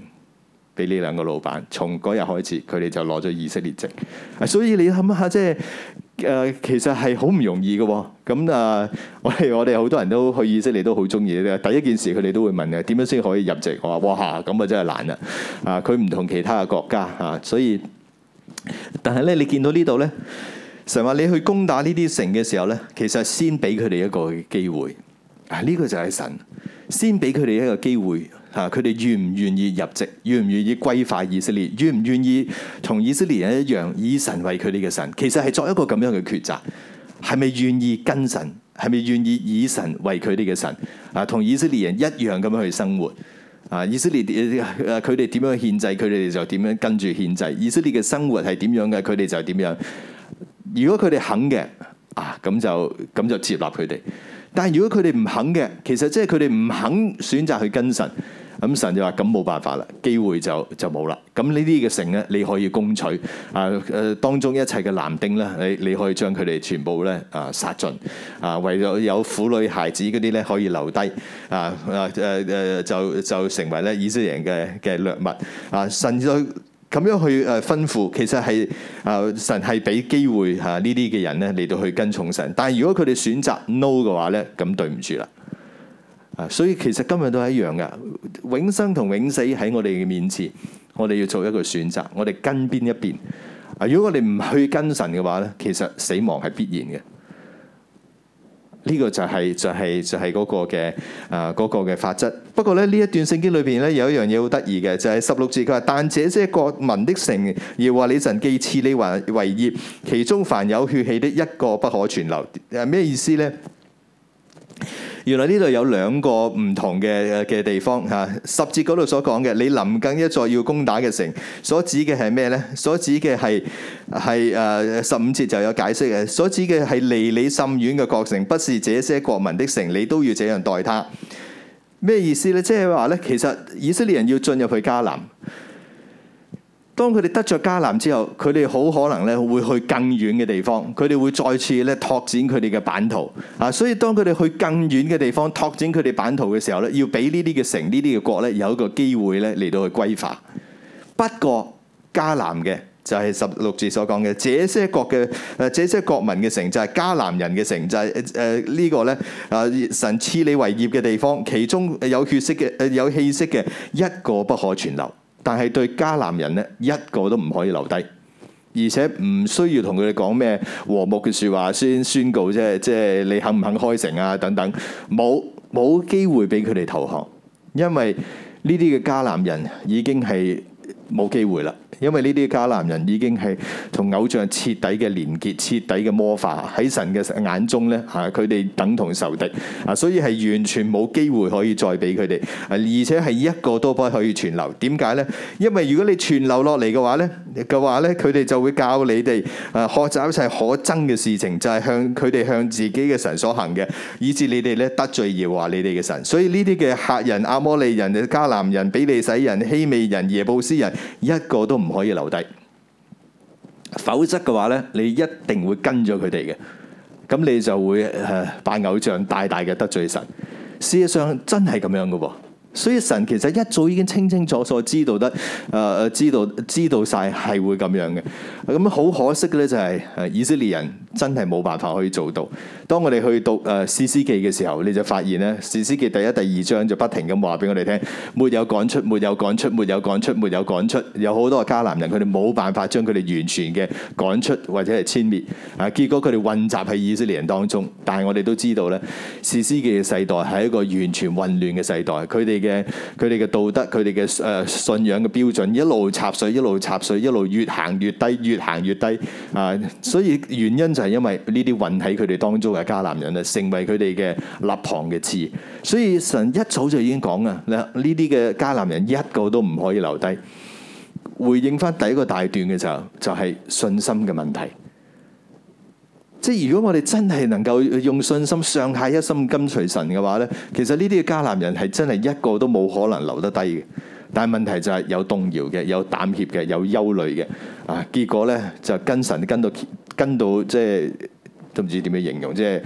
俾呢兩個老闆，從嗰日開始，佢哋就攞咗以色列籍。啊，所以你諗下，即係誒、呃，其實係好唔容易嘅。咁啊、呃，我哋我哋好多人都去以色列都好中意嘅。第一件事佢哋都會問嘅，點樣先可以入籍？我話哇，咁啊真係難啊！啊，佢唔、啊、同其他嘅國家啊，所以，但係咧，你見到呢度咧，成日話你去攻打呢啲城嘅時候咧，其實先俾佢哋一個機會。啊，呢、這個就係神先俾佢哋一個機會。啊！佢哋願唔願意入籍？願唔願意歸化以色列？願唔願意同以色列人一樣以神為佢哋嘅神？其實係作一個咁樣嘅抉擇，係咪願意跟神？係咪願意以神為佢哋嘅神？啊，同以色列人一樣咁樣去生活。啊，以色列佢哋點樣限制，佢哋就點樣跟住限制。以色列嘅生活係點樣嘅，佢哋就點樣。如果佢哋肯嘅，啊，咁就咁就接納佢哋。但係如果佢哋唔肯嘅，其實即係佢哋唔肯選擇去跟神。咁神就話咁冇辦法啦，機會就就冇啦。咁呢啲嘅城咧，你可以攻取啊！誒，當中一切嘅男丁咧，你你可以將佢哋全部咧啊，殺盡啊，為咗有婦女孩子嗰啲咧可以留低啊啊，誒誒，就就成為咧以色列人嘅嘅掠物啊！神就咁樣去誒吩咐，其實係啊神係俾機會吓呢啲嘅人咧嚟到去跟從神，但係如果佢哋選擇 no 嘅話咧，咁對唔住啦。啊！所以其實今日都係一樣嘅，永生同永死喺我哋嘅面前，我哋要做一個選擇，我哋跟邊一邊？啊！如果我哋唔去跟神嘅話咧，其實死亡係必然嘅。呢、這個就係、是、就係、是、就係、是、嗰個嘅啊嗰個嘅法則。不過咧，呢一段聖經裏邊咧有一樣嘢好得意嘅，就係十六節佢話：但這些國民的城，要話你神既賜你為為業，其中凡有血氣的一個不可存留。誒咩意思咧？原來呢度有兩個唔同嘅嘅地方吓，十節嗰度所講嘅，你臨近一座要攻打嘅城，所指嘅係咩呢？所指嘅係係誒，十五節就有解釋嘅，所指嘅係離你甚遠嘅國城，不是這些國民的城，你都要這樣待他。咩意思呢？即係話呢，其實以色列人要進入去迦南。當佢哋得咗迦南之後，佢哋好可能咧會去更遠嘅地方，佢哋會再次咧拓展佢哋嘅版圖啊！所以當佢哋去更遠嘅地方拓展佢哋版圖嘅時候咧，要俾呢啲嘅城、呢啲嘅國咧有一個機會咧嚟到去歸化。不過迦南嘅就係十六字所講嘅，這些國嘅誒這些國民嘅城就係迦南人嘅城、就是，就係誒呢個咧啊、呃、神賜你為業嘅地方，其中有血色嘅誒、呃、有氣色嘅一個不可存留。但係對迦南人咧，一個都唔可以留低，而且唔需要同佢哋講咩和睦嘅説話先宣告啫。即係你肯唔肯開城啊？等等，冇冇機會俾佢哋投降，因為呢啲嘅迦南人已經係冇機會啦。因為呢啲迦南人已經係同偶像徹底嘅連結，徹底嘅魔化。喺神嘅眼中咧，吓佢哋等同仇敵啊，所以係完全冇機會可以再俾佢哋，啊，而且係一個都不可以存留。點解咧？因為如果你存留落嚟嘅話咧，嘅話咧，佢哋就會教你哋誒學習一切可憎嘅事情，就係、是、向佢哋向自己嘅神所行嘅，以致你哋咧得罪耶和華你哋嘅神。所以呢啲嘅客人、亞摩利人、嘅迦南人、比利洗人、希未人、耶布斯人，一個都唔。唔可以留低，否則嘅話咧，你一定會跟咗佢哋嘅，咁你就會誒拜偶像，大大嘅得罪神。事實上真係咁樣嘅喎。所以神其實一早已經清清楚楚知道得，誒、呃、誒知道知道曬係會咁樣嘅。咁、啊、好可惜嘅咧就係誒以色列人真係冇辦法可以做到。當我哋去讀誒士師記嘅時候，你就發現咧士師記第一第二章就不停咁話俾我哋聽，沒有趕出，沒有趕出，沒有趕出，沒有趕出，有好多嘅迦南人佢哋冇辦法將佢哋完全嘅趕出或者係殲滅，啊結果佢哋混雜喺以色列人當中。但係我哋都知道呢《士師記嘅世代係一個完全混亂嘅世代，佢哋。嘅佢哋嘅道德、佢哋嘅誒信仰嘅標準一路插水，一路插水，一路越行越低，越行越低啊！所以原因就係因為呢啲混喺佢哋當中嘅迦南人啊，成為佢哋嘅立旁嘅刺。所以神一早就已經講啊，呢啲嘅迦南人一個都唔可以留低。回應翻第一個大段嘅時候，就係、是、信心嘅問題。即係如果我哋真係能夠用信心上下一心跟隨神嘅話呢，其實呢啲嘅迦南人係真係一個都冇可能留得低嘅。但係問題就係有動搖嘅、有膽怯嘅、有憂慮嘅，啊，結果呢就跟神跟到跟到，跟到即係都唔知點樣形容即係。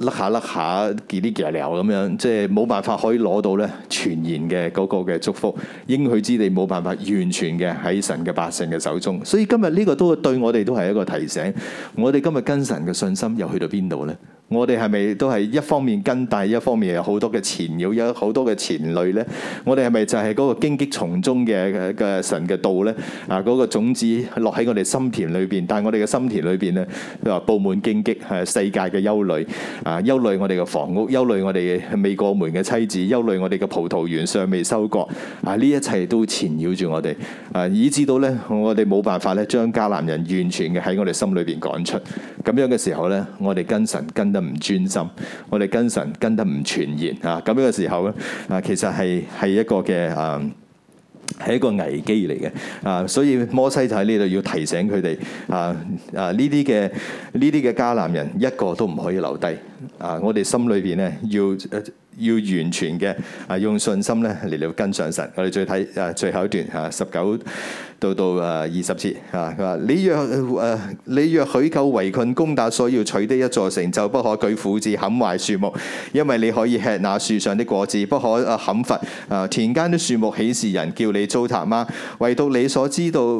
甩下甩下，get it g e 咁樣，即係冇辦法可以攞到咧全然嘅嗰個嘅祝福，應許之地冇辦法完全嘅喺神嘅百姓嘅手中，所以今日呢個都對我哋都係一個提醒，我哋今日跟神嘅信心又去到邊度呢？我哋係咪都係一方面跟大，但係一方面有好多嘅纏繞，有好多嘅纏累呢？我哋係咪就係嗰個荊棘叢中嘅嘅神嘅道呢？啊，嗰個種子落喺我哋心田裏邊，但係我哋嘅心田裏邊呢，佢話佈滿荊棘，係世界嘅憂慮，啊憂慮我哋嘅房屋，憂慮我哋未過門嘅妻子，憂慮我哋嘅葡萄園尚未收割，啊呢一切都纏繞住我哋，啊以至到呢，我哋冇辦法咧將迦南人完全嘅喺我哋心裏邊趕出。咁樣嘅時候呢，我哋跟神跟。唔專心，我哋跟神跟得唔全然啊！咁呢個時候咧啊，其實係係一個嘅啊，係一個危機嚟嘅啊，所以摩西就喺呢度要提醒佢哋啊，啊呢啲嘅呢啲嘅迦南人一個都唔可以留低。啊！我哋心裏邊咧要要完全嘅啊，用信心咧嚟到跟上神。我哋再睇啊最後一段吓，十九到到啊二十次。啊。佢話，你若誒、呃、你若許久圍困攻打，所要取的一座城，就不可舉斧子砍壞樹木，因為你可以吃那樹上的果子，不可啊砍伐啊田間的樹木，豈是人叫你糟蹋嗎？唯獨你所知道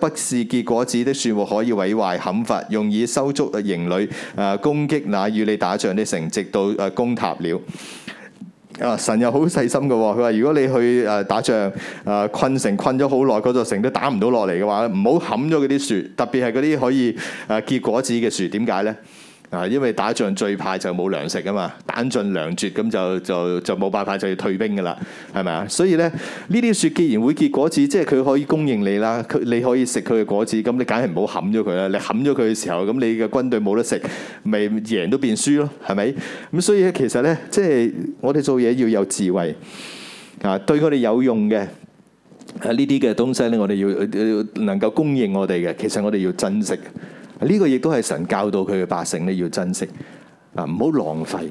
不是結果子的樹木，可以毀壞砍伐，用以收足營壘攻擊那與你打。打仗啲城直到誒攻塔了，啊，神又好細心嘅，佢話如果你去誒打仗誒、啊、困城困咗好耐，嗰、那、座、個、城都打唔到落嚟嘅話，唔好冚咗嗰啲樹，特別係嗰啲可以誒結果子嘅樹，點解咧？啊，因為打仗最怕就冇糧食啊嘛，彈盡糧絕咁就就就冇辦法就要退兵噶啦，係咪啊？所以咧呢啲樹既然會結果子，即係佢可以供應你啦，佢你可以食佢嘅果子，咁你梗係唔好冚咗佢啦。你冚咗佢嘅時候，咁你嘅軍隊冇得食，咪贏都變輸咯，係咪？咁所以其實咧，即係我哋做嘢要有智慧啊，對佢哋有用嘅啊呢啲嘅東西咧，我哋要要能夠供應我哋嘅，其實我哋要珍惜。呢個亦都係神教導佢嘅百姓咧，要珍惜啊，唔好浪費，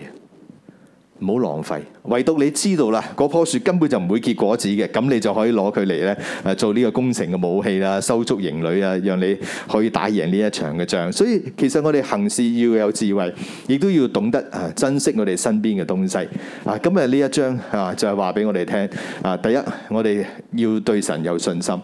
唔好浪費。唯獨你知道啦，嗰棵樹根本就唔會結果子嘅，咁你就可以攞佢嚟咧，誒，做呢個攻城嘅武器啊，修築營壘啊，讓你可以打贏呢一場嘅仗。所以其實我哋行事要有智慧，亦都要懂得啊，珍惜我哋身邊嘅東西啊。今日呢一章啊，就係話俾我哋聽啊。第一，我哋要對神有信心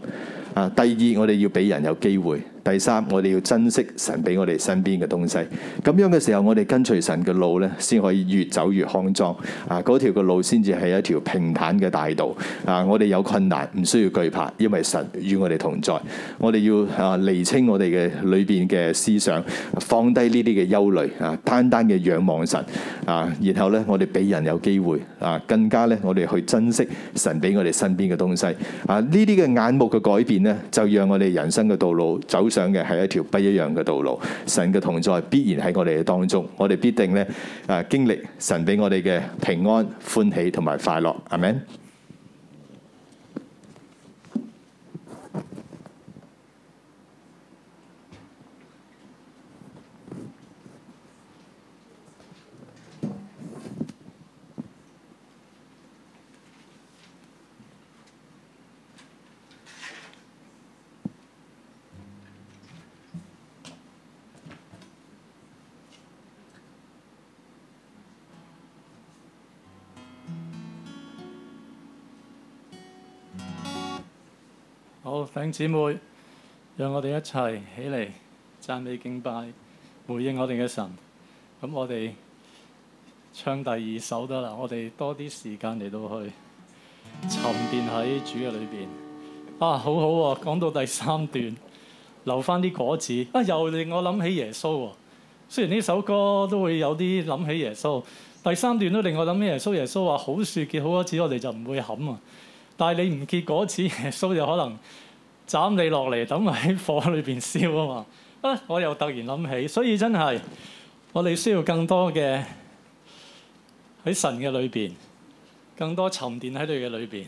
啊。第二，我哋要俾人有機會。第三，我哋要珍惜神俾我哋身邊嘅東西。咁樣嘅時候，我哋跟隨神嘅路咧，先可以越走越康莊啊！嗰條嘅路先至係一條平坦嘅大道啊！我哋有困難唔需要懼怕，因為神與我哋同在。我哋要啊厘清我哋嘅裏邊嘅思想，放低呢啲嘅憂慮啊，單單嘅仰望神啊。然後咧，我哋俾人有機會啊，更加咧，我哋去珍惜神俾我哋身邊嘅東西啊！呢啲嘅眼目嘅改變咧，就讓我哋人生嘅道路走上。講嘅係一條不一樣嘅道路，神嘅同在必然喺我哋嘅當中，我哋必定咧誒經歷神俾我哋嘅平安、歡喜同埋快樂，阿們。好，弟兄姊妹，讓我哋一齊起嚟讚美敬拜，回應我哋嘅神。咁我哋唱第二首得啦，我哋多啲時間嚟到去沉澱喺主嘅裏面。啊，好好喎、啊，講到第三段，留返啲果子。啊，又令我諗起耶穌喎、啊。雖然呢首歌都會有啲諗起耶穌，第三段都令我諗起耶穌。耶穌話：好樹結好果子，我哋就唔會冚啊。但係你唔結果子，耶穌就可能斬你落嚟，等喺火裏邊燒啊嘛！啊，我又突然諗起，所以真係我哋需要更多嘅喺神嘅裏邊，更多沉澱喺佢嘅裏邊。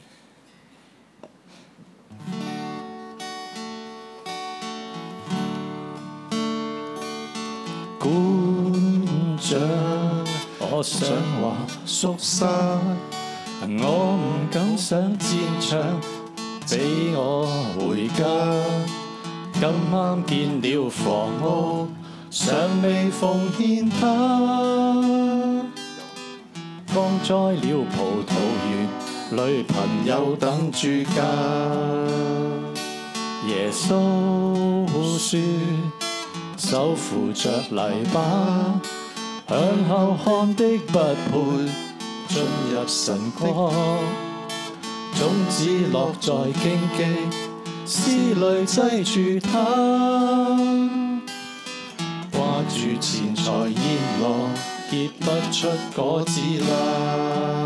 館長，我想話縮身。我唔敢上戰場，俾我回家。今晚建了房屋，尚未奉獻他。剛栽了葡萄園，女朋友等住嫁。耶穌説：手扶著泥巴，向後看的不配。進入神光，種子落在荊棘，思慮擠住它。掛住錢財宴樂，結不出果子啦。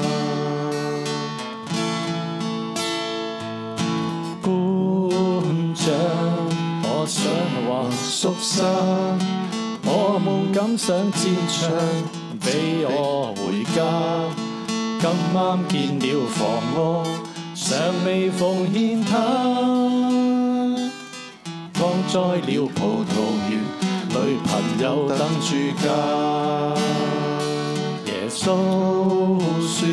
官長，我想話縮生，我唔敢上戰場，畀我回家。今晚建了房屋，尚未奉獻他。降在了葡萄園，女朋友等住嫁。耶穌說：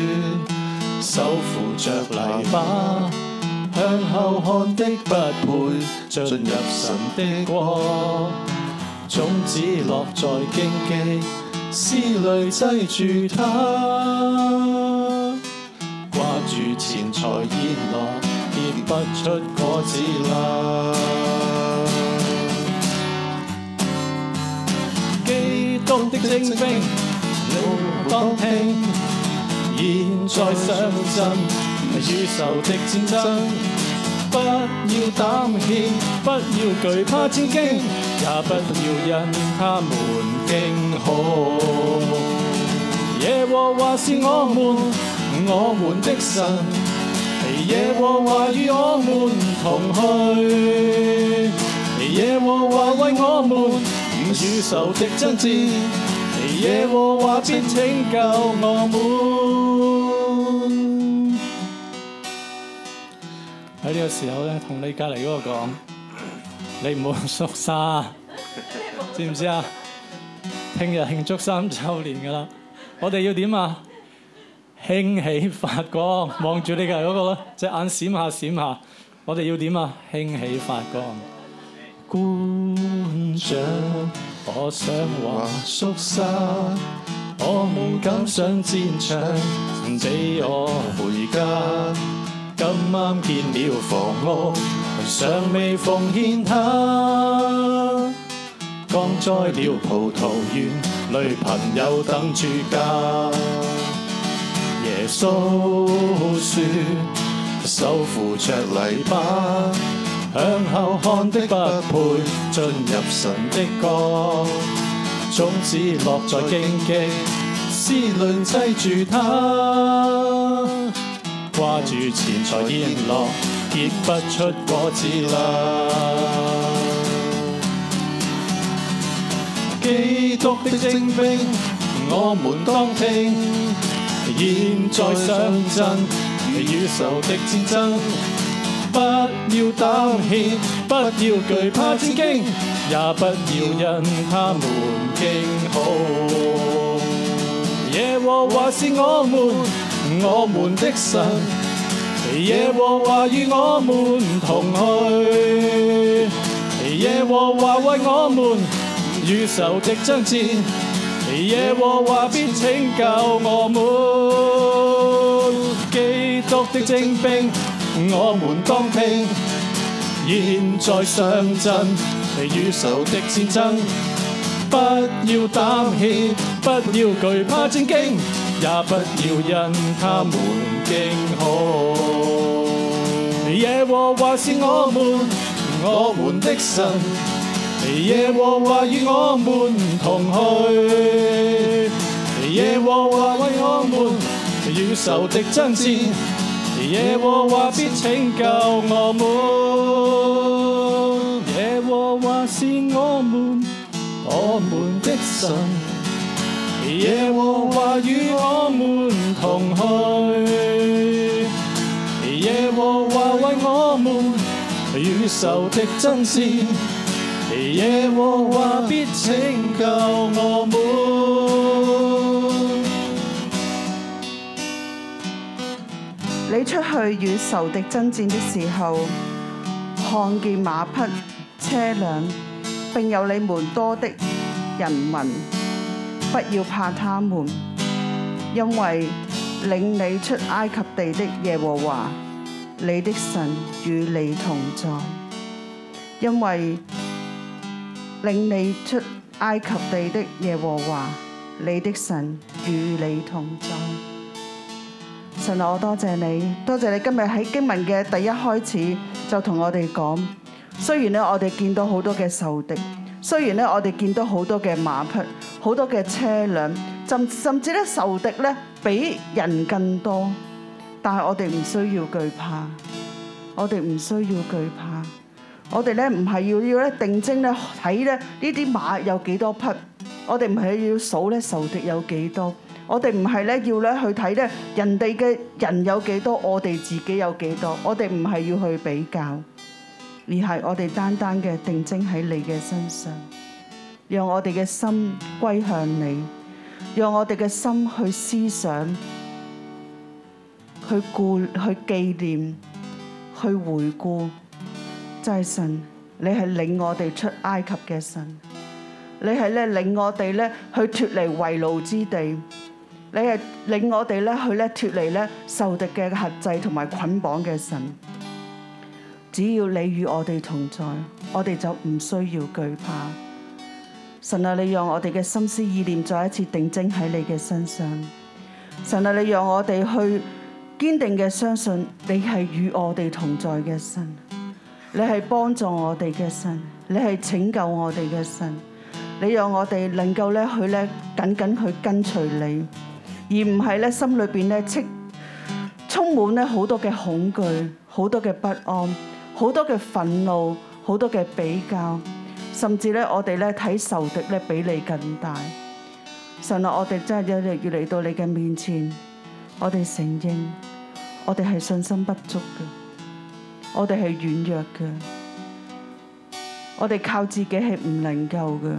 手 扶、yeah, so, 着泥巴，向後看的不配進入神的國。種子落在荊棘，思慮擠住他。住錢財煙羅結不出果子啦！基督的精兵，你當聽，現在上陣，與仇敵爭戰，不要膽怯，不要懼怕戰兢，也不要因他們驚恐。耶和華是我們。我們的神耶和華與我們同去，耶和華為我們與仇敵爭戰，耶和華必拯救我們。喺呢個時候咧，同你隔籬嗰個講，你唔好縮沙，知唔知啊？聽日慶祝三周年噶啦，我哋要點啊？興起發光，望住你嘅嗰個咯，隻眼閃下閃下。我哋要點啊？興起發光。 官長，我想話縮沙， 我唔敢上戰場，俾我回家。今晚建了房屋，尚未奉獻他。剛栽了葡萄園，女朋友等住嫁。訴説，手扶着犁耙，向後看的不配進入神的國。種子落在荊棘，思慮擠住它，掛住錢財宴樂，嗯、結不出果子來。嗯、基督的精兵，嗯、我們當聽。現在上陣與仇敵戰爭， 不要膽怯，不要懼怕戰兢，也不要因他們驚恐。耶和華是我們，我們的神。耶和華與我們同去。耶和華為我們與 仇敵爭戰。耶和華必拯救我們，基督的精兵，我們當聽，現在上陣與仇敵戰爭，不要膽怯，不要懼怕戰兢，也不要因他們驚恐。耶和華是我們我們的神。耶和華與我們同去，耶和華為我們與仇敵爭戰，耶和華必拯救我們。耶和華是我們我們的神，耶和華與我們同去，耶和華為我們與仇敵爭戰。耶和華必拯救我們。你出去與仇敵爭戰的時候，看見馬匹、車輛，並有你們多的人民，不要怕他們，因為領你出埃及地的耶和華，你的神與你同在，因為。領你出埃及地的耶和華，你的神與你同在。神啊，我多謝你，多謝你今日喺經文嘅第一開始就同我哋講，雖然咧我哋見到好多嘅仇敵，雖然咧我哋見到好多嘅馬匹、好多嘅車輛，甚甚至咧仇敵咧比人更多，但係我哋唔需要懼怕，我哋唔需要懼怕。我哋咧唔係要要咧定睛咧睇咧呢啲馬有幾多匹，我哋唔係要數咧仇敵有幾多，我哋唔係咧要咧去睇咧人哋嘅人有幾多，我哋自己有幾多，我哋唔係要去比較，而係我哋單單嘅定睛喺你嘅身上，讓我哋嘅心歸向你，讓我哋嘅心去思想、去顧、去紀念、去回顧。就係神，你係領我哋出埃及嘅神，你係咧領我哋咧去脫離為奴之地，你係領我哋咧去咧脫離咧受敵嘅轄制同埋捆綁嘅神。只要你與我哋同在，我哋就唔需要懼怕。神啊，你讓我哋嘅心思意念再一次定睛喺你嘅身上。神啊，你讓我哋去堅定嘅相信，你係與我哋同在嘅神。你係幫助我哋嘅神，你係拯救我哋嘅神，你讓我哋能夠咧去咧緊緊去跟隨你，而唔係咧心裏邊咧充充滿咧好多嘅恐懼、好多嘅不安、好多嘅憤怒、好多嘅比較，甚至咧我哋咧睇仇敵咧比你更大。神啊，我哋真係一嚟要嚟到你嘅面前，我哋承認我哋係信心不足嘅。我哋係軟弱嘅，我哋靠自己係唔能夠嘅。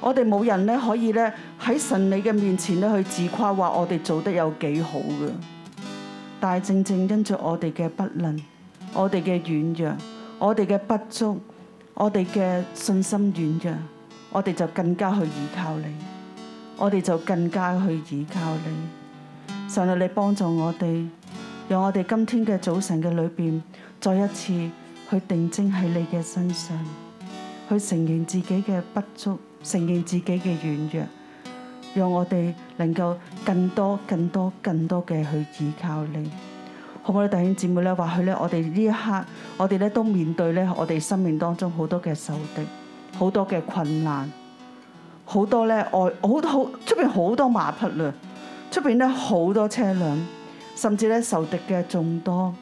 我哋冇人咧可以咧喺神你嘅面前咧去自誇話我哋做得有幾好嘅。但係正正因著我哋嘅不能，我哋嘅軟弱，我哋嘅不足，我哋嘅信心軟弱，我哋就更加去倚靠你。我哋就更加去倚靠你。上帝，你幫助我哋。讓我哋今天嘅早晨嘅裏邊，再一次去定睛喺你嘅身上，去承認自己嘅不足，承認自己嘅軟弱。讓我哋能夠更多、更多、更多嘅去依靠你。好，我哋弟兄姊妹咧，或許咧，我哋呢一刻，我哋咧都面對咧，我哋生命當中好多嘅仇敵，好多嘅困難，好多咧外，好多好出邊好多馬匹啦，出邊咧好多車輛。甚至咧，受敵嘅眾多，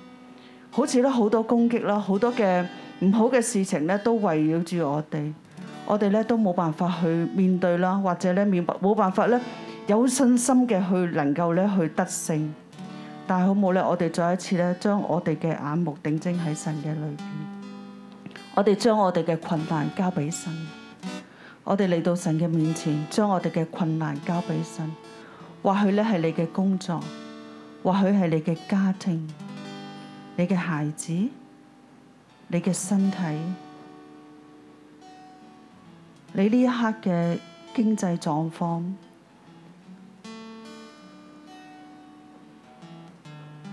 好似咧好多攻擊啦，好多嘅唔好嘅事情咧，都圍繞住我哋，我哋咧都冇辦法去面對啦，或者咧免冇辦法咧有信心嘅去能夠咧去得勝。但係好冇咧，我哋再一次咧將我哋嘅眼目定睛喺神嘅裏邊，我哋將我哋嘅困難交俾神，我哋嚟到神嘅面前，將我哋嘅困難交俾神。或許咧係你嘅工作。或許係你嘅家庭、你嘅孩子、你嘅身體、你呢一刻嘅經濟狀況，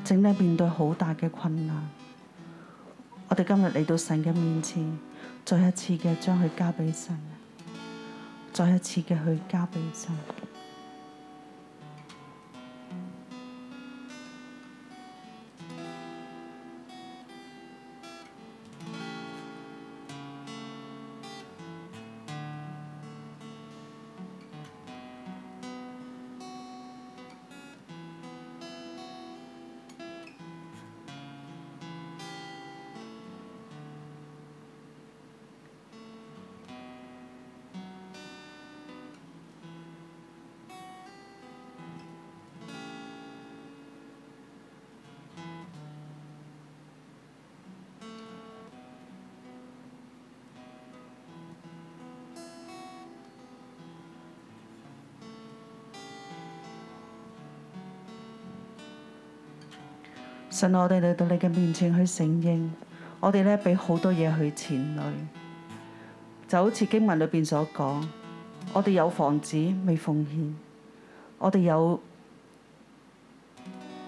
正正面對好大嘅困難。我哋今日嚟到神嘅面前，再一次嘅將佢交俾神，再一次嘅去交俾神。信我哋嚟到你嘅面前去承應，我哋咧俾好多嘢去纏累，就好似經文裏邊所講，我哋有房子未奉獻，我哋有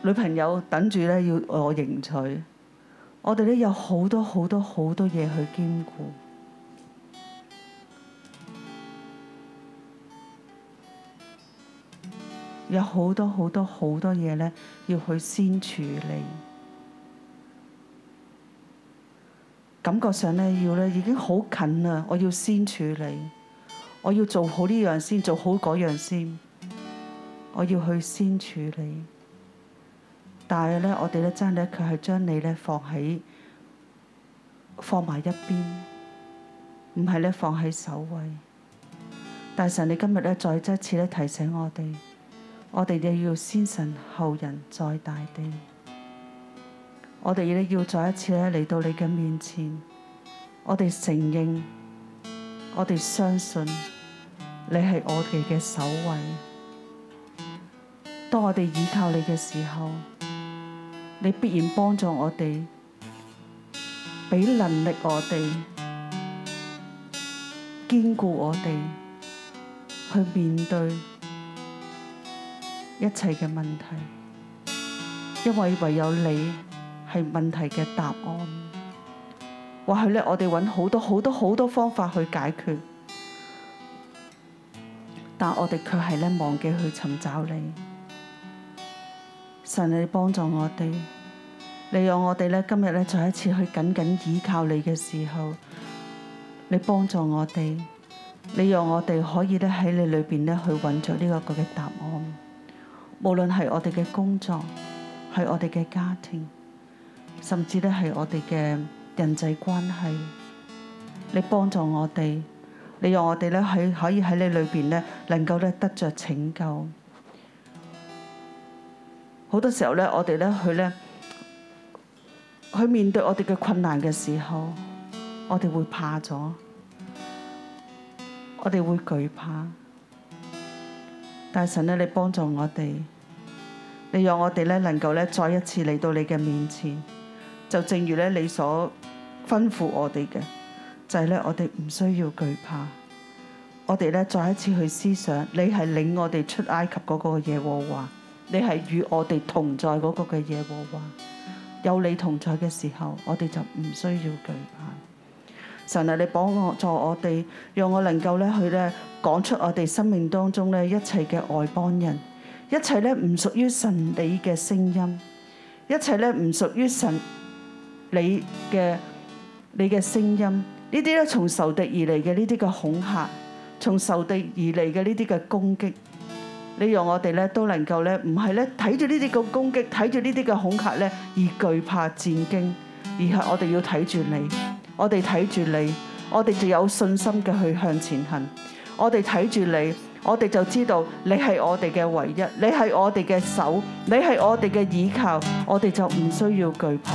女朋友等住咧要我迎娶，我哋咧有好多好多好多嘢去兼顧。有好多好多好多嘢咧，要去先處理。感覺上咧，要咧已經好近啦，我要先處理，我要做好呢樣先，做好嗰樣先，我要去先處理。但係咧，我哋咧真係咧，佢係將你咧放喺放埋一邊，唔係咧放喺首位。大神，你今日咧再再一次咧提醒我哋。我哋亦要先神後人，再大地。我哋亦要再一次嚟到你嘅面前，我哋承認，我哋相信你係我哋嘅守衛。當我哋倚靠你嘅時候，你必然幫助我哋，畀能力我哋，堅固我哋去面對，一切嘅問題，因為唯有你係問題嘅答案。或許咧，我哋揾好多好多好多方法去解決，但我哋卻係忘記去尋找你。神，你幫助我哋，你讓我哋今日再一次去緊緊依靠你嘅時候，你幫助我哋，你讓我哋可以咧喺你裏面去揾到呢一個嘅答案。無論係我哋嘅工作，係我哋嘅家庭，甚至咧係我哋嘅人際關係，你幫助我哋，你讓我哋咧喺可以喺你裏邊咧，能夠咧得着拯救。好多時候咧，我哋咧去咧，去面對我哋嘅困難嘅時候，我哋會怕咗，我哋會懼怕。大神咧，你幫助我哋，你讓我哋咧能夠咧再一次嚟到你嘅面前，就正如咧你所吩咐我哋嘅，就係、是、咧我哋唔需要懼怕，我哋咧再一次去思想，你係領我哋出埃及嗰個嘅耶和華，你係與我哋同在嗰個嘅耶和華，有你同在嘅時候，我哋就唔需要懼怕。神啊！你幫我助我哋，讓我能夠咧去咧講出我哋生命當中咧一切嘅外邦人，一切咧唔屬於神你嘅聲音，一切咧唔屬於神你嘅你嘅聲音。呢啲咧從仇敵而嚟嘅呢啲嘅恐嚇，從仇敵而嚟嘅呢啲嘅攻擊，你讓我哋咧都能夠咧唔係咧睇住呢啲嘅攻擊，睇住呢啲嘅恐嚇咧而懼怕戰驚，而係我哋要睇住你。我哋睇住你，我哋就有信心嘅去向前行。我哋睇住你，我哋就知道你係我哋嘅唯一，你係我哋嘅手，你係我哋嘅依靠，我哋就唔需要懼怕，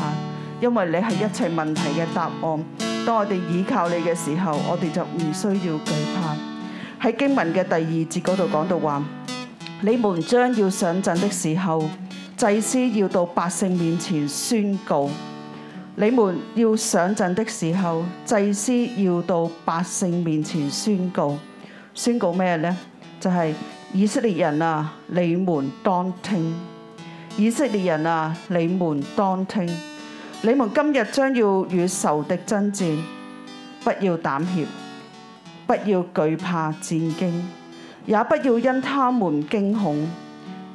因為你係一切問題嘅答案。當我哋倚靠你嘅時候，我哋就唔需要懼怕。喺經文嘅第二節嗰度講到話，你們將要上陣的時候，祭司要到百姓面前宣告。你們要上陣的時候，祭司要到百姓面前宣告，宣告咩呢？就係以色列人啊，你們當聽；以色列人啊，你們當聽。你們今日將要與仇敵爭戰，不要膽怯，不要懼怕戰驚，也不要因他們驚恐，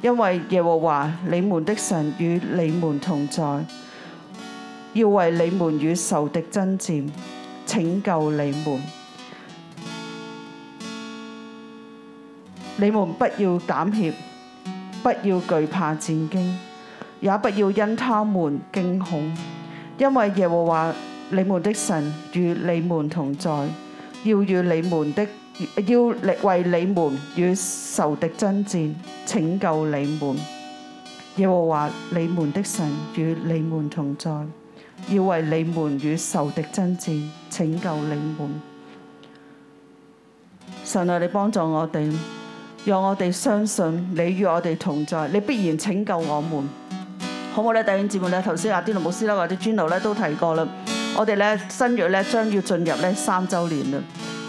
因為耶和華你們的神與你們同在。要為你們與仇敵爭戰，拯救你們。你們不要膽怯，不要懼怕戰兢，也不要因他們驚恐，因為耶和華你們的神與你們同在，要與你們的，要為你們與仇敵爭戰，拯救你們。耶和華你們的神與你們同在。要為你們與仇敵爭戰，拯救你們。神啊，你幫助我哋，讓我哋相信你與我哋同在，你必然拯救我們，好唔好咧？弟兄姊妹咧，頭先阿天路牧師啦，或者尊老咧都提過啦，我哋咧新約咧將要進入咧三周年啦。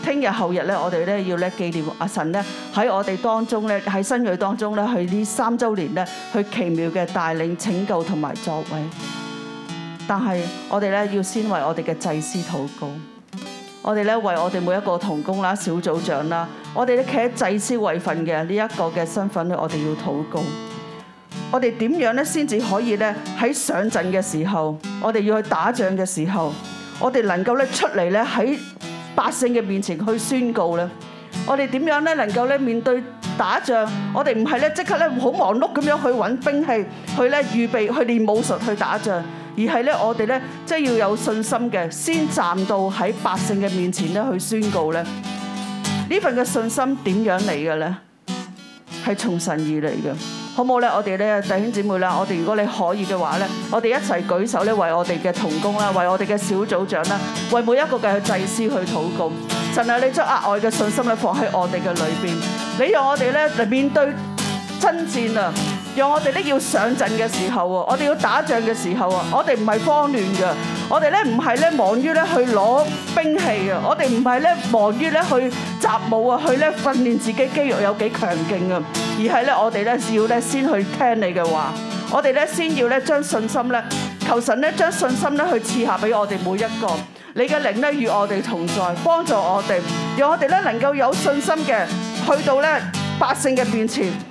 聽日後日咧，我哋咧要咧紀念阿神咧喺我哋當中咧喺新約當中咧去呢三周年咧去奇妙嘅帶領拯救同埋作為。但係，我哋咧要先為我哋嘅祭司禱告。我哋咧為我哋每一個同工啦、小組長啦，我哋咧企喺祭司位份嘅呢一個嘅身份咧，我哋要禱告。我哋點樣咧先至可以咧喺上陣嘅時候，我哋要去打仗嘅時候，我哋能夠咧出嚟咧喺百姓嘅面前去宣告咧。我哋點樣咧能夠咧面對打仗？我哋唔係咧即刻咧好忙碌咁樣去揾兵器，去咧預備去練武術去打仗，而係咧，我哋咧即係要有信心嘅，先站到喺百姓嘅面前咧去宣告咧。呢份嘅信心點樣嚟嘅咧？係從神而嚟嘅，好唔好咧？我哋咧弟兄姊妹啦，我哋如果你可以嘅話咧，我哋一齊舉手咧，為我哋嘅同工啦，為我哋嘅小組長啦，為每一個嘅祭司去禱告。神啊，你將額外嘅信心咧放喺我哋嘅裏邊，你讓我哋咧嚟面對爭戰啊！讓我哋咧要上陣嘅時候喎，我哋要打仗嘅時候喎，我哋唔係慌亂嘅，我哋咧唔係咧忙於咧去攞兵器嘅，我哋唔係咧忙於咧去習武啊，去咧訓練自己肌肉有幾強勁啊，而係咧我哋咧要咧先去聽你嘅話，我哋咧先要咧將信心咧求神咧將信心咧去賜下俾我哋每一個，你嘅靈咧與我哋同在，幫助我哋，讓我哋咧能夠有信心嘅去到咧百姓嘅面前。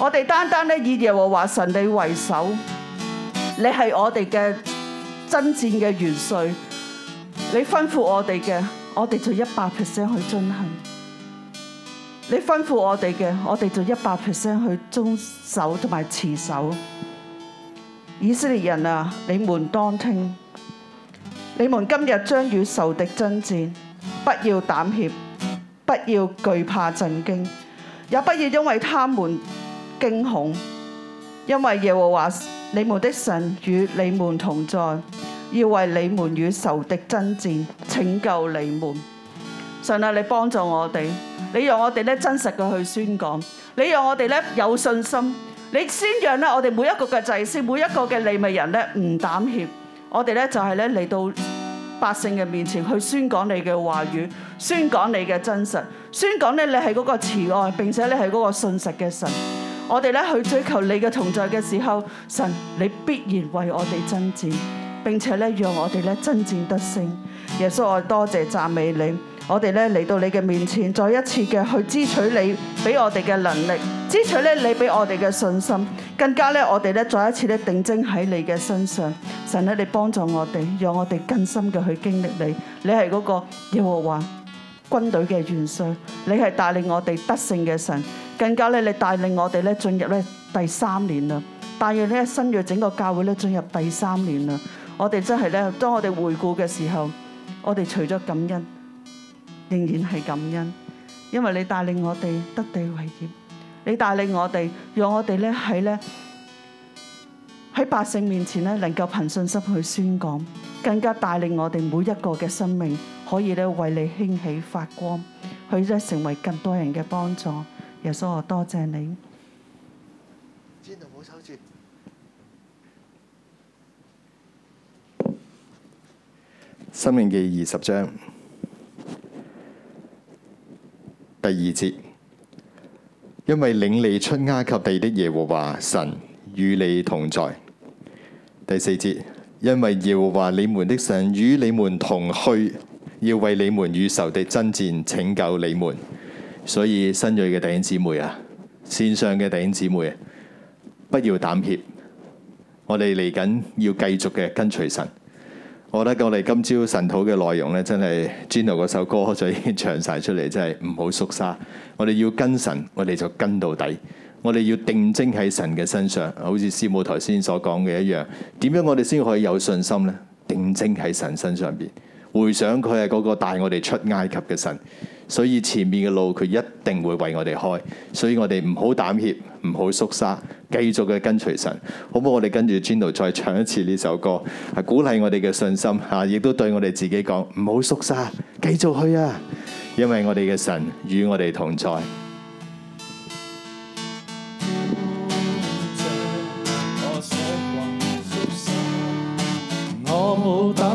我哋單單咧以耶和華神你為首，你係我哋嘅爭戰嘅元帥，你吩咐我哋嘅，我哋就一百 percent 去進行；你吩咐我哋嘅，我哋就一百 percent 去遵守同埋持守。以色列人啊，你們當聽，你們今日將與仇敵爭戰，不要膽怯，不要懼怕震驚，也不要因為他們，驚恐，因為耶和華你們的神與你們同在，要為你們與仇敵爭戰，拯救你們。神啊，你幫助我哋，你讓我哋咧真實嘅去宣講，你讓我哋咧有信心。你先讓咧我哋每一個嘅祭司，每一個嘅利未人咧唔膽怯，我哋咧就係咧嚟到百姓嘅面前去宣講你嘅話語，宣講你嘅真實，宣講咧你係嗰個慈愛，並且你係嗰個信實嘅神。我哋咧去追求你嘅同在嘅時候，神你必然為我哋爭戰，並且咧讓我哋咧征戰得勝。耶穌，我多謝讚美你。我哋咧嚟到你嘅面前，再一次嘅去支取你俾我哋嘅能力，支取咧你俾我哋嘅信心，更加咧我哋咧再一次咧定睛喺你嘅身上。神咧，你幫助我哋，讓我哋更深嘅去經歷你。你係嗰個耶和華。軍隊嘅元帥，你係帶領我哋得勝嘅神，更加咧你帶領我哋咧進入咧第三年啦，帶領咧新約整個教會咧進入第三年啦。我哋真係咧，當我哋回顧嘅時候，我哋除咗感恩，仍然係感恩，因為你帶領我哋得地為業，你帶領我哋，讓我哋咧喺咧喺百姓面前咧，能夠憑信心去宣講，更加帶領我哋每一個嘅生命。可以呢，為你興起發光，佢即成為更多人嘅幫助。耶穌，我多謝你。申命記二十章第二節，因為領你出埃及地的耶和華神與你同在。第四節，因為耶和華你們的神與你們同去。要為你們與仇敵爭戰，拯救你們。所以新銳嘅弟兄姊妹啊，綫上嘅弟兄姊妹啊，不要膽怯。我哋嚟緊要繼續嘅跟隨神。我覺得我哋今朝神討嘅內容呢，真係 Juno 嗰首歌就已經唱晒出嚟，真係唔好縮沙。我哋要跟神，我哋就跟到底。我哋要定睛喺神嘅身上，好似師母頭先所講嘅一樣。點樣我哋先可以有信心呢？定睛喺神身上邊，回想佢係嗰個帶我哋出埃及嘅神，所以前面嘅路佢一定會為我哋開，所以我哋唔好膽怯，唔好縮沙，繼續嘅跟隨神，好唔好？我哋跟住專道再唱一次呢首歌，係鼓勵我哋嘅信心，嚇，亦都對我哋自己講，唔好縮沙，繼續去啊！因為我哋嘅神與我哋同在。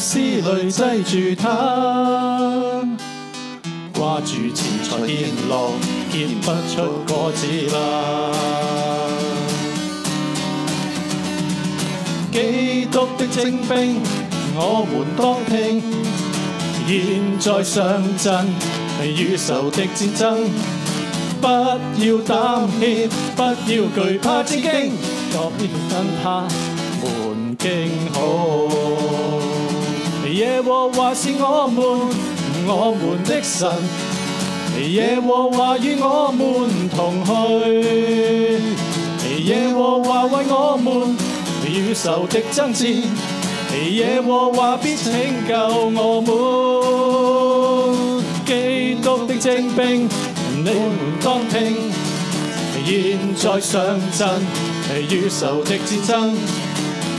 思慮制住他，掛住錢財天落，念不出個字啦。基督的精兵，我們當聽，現在上陣與仇敵戰爭，不要膽怯，不要懼怕戰兢，何必跟他們驚恐？耶和華是我們我們的神，耶和華與我們同去，耶和華為我們與仇敵爭戰，耶和華必拯救我們。基督的精兵，你們當聽，現在上陣與仇敵戰爭。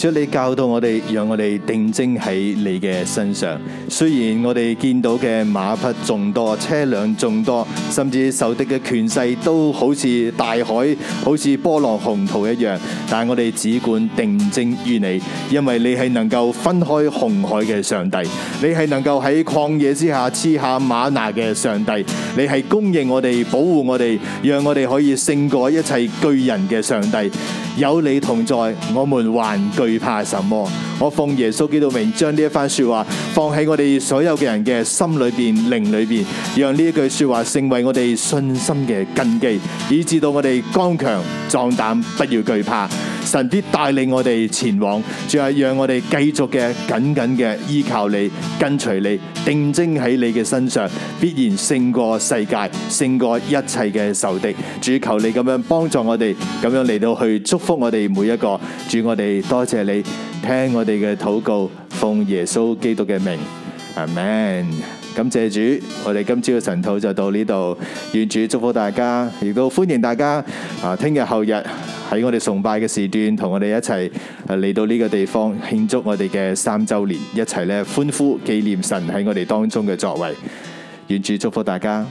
求你教導我哋，讓我哋定睛喺你嘅身上。雖然我哋見到嘅馬匹眾多，車輛眾多，甚至仇敵嘅權勢都好似大海，好似波浪洪濤一樣，但係我哋只管定睛於你，因為你係能夠分開紅海嘅上帝，你係能夠喺曠野之下賜下嗎哪嘅上帝，你係供應我哋、保護我哋，讓我哋可以勝過一切巨人嘅上帝。有你同在，我們還懼。最怕什麼？我奉耶穌基督名，將呢一番說話放喺我哋所有嘅人嘅心裏邊、靈裏邊，讓呢一句說話成為我哋信心嘅根基，以致到我哋剛強壯膽，不要懼怕。神必帶領我哋前往，仲係，讓我哋繼續嘅緊緊嘅依靠你，跟隨你，定睛喺你嘅身上，必然勝過世界，勝過一切嘅仇敵。主求你咁樣幫助我哋，咁樣嚟到去祝福我哋每一個。主，我哋多謝你。聽我哋嘅禱告，奉耶穌基督嘅名，Amen。咁謝主，我哋今朝嘅神禱就到呢度。願主祝福大家，亦都歡迎大家啊！聽日後日喺我哋崇拜嘅時段，同我哋一齊嚟到呢個地方慶祝我哋嘅三周年，一齊咧歡呼紀念神喺我哋當中嘅作為。願主祝福大家。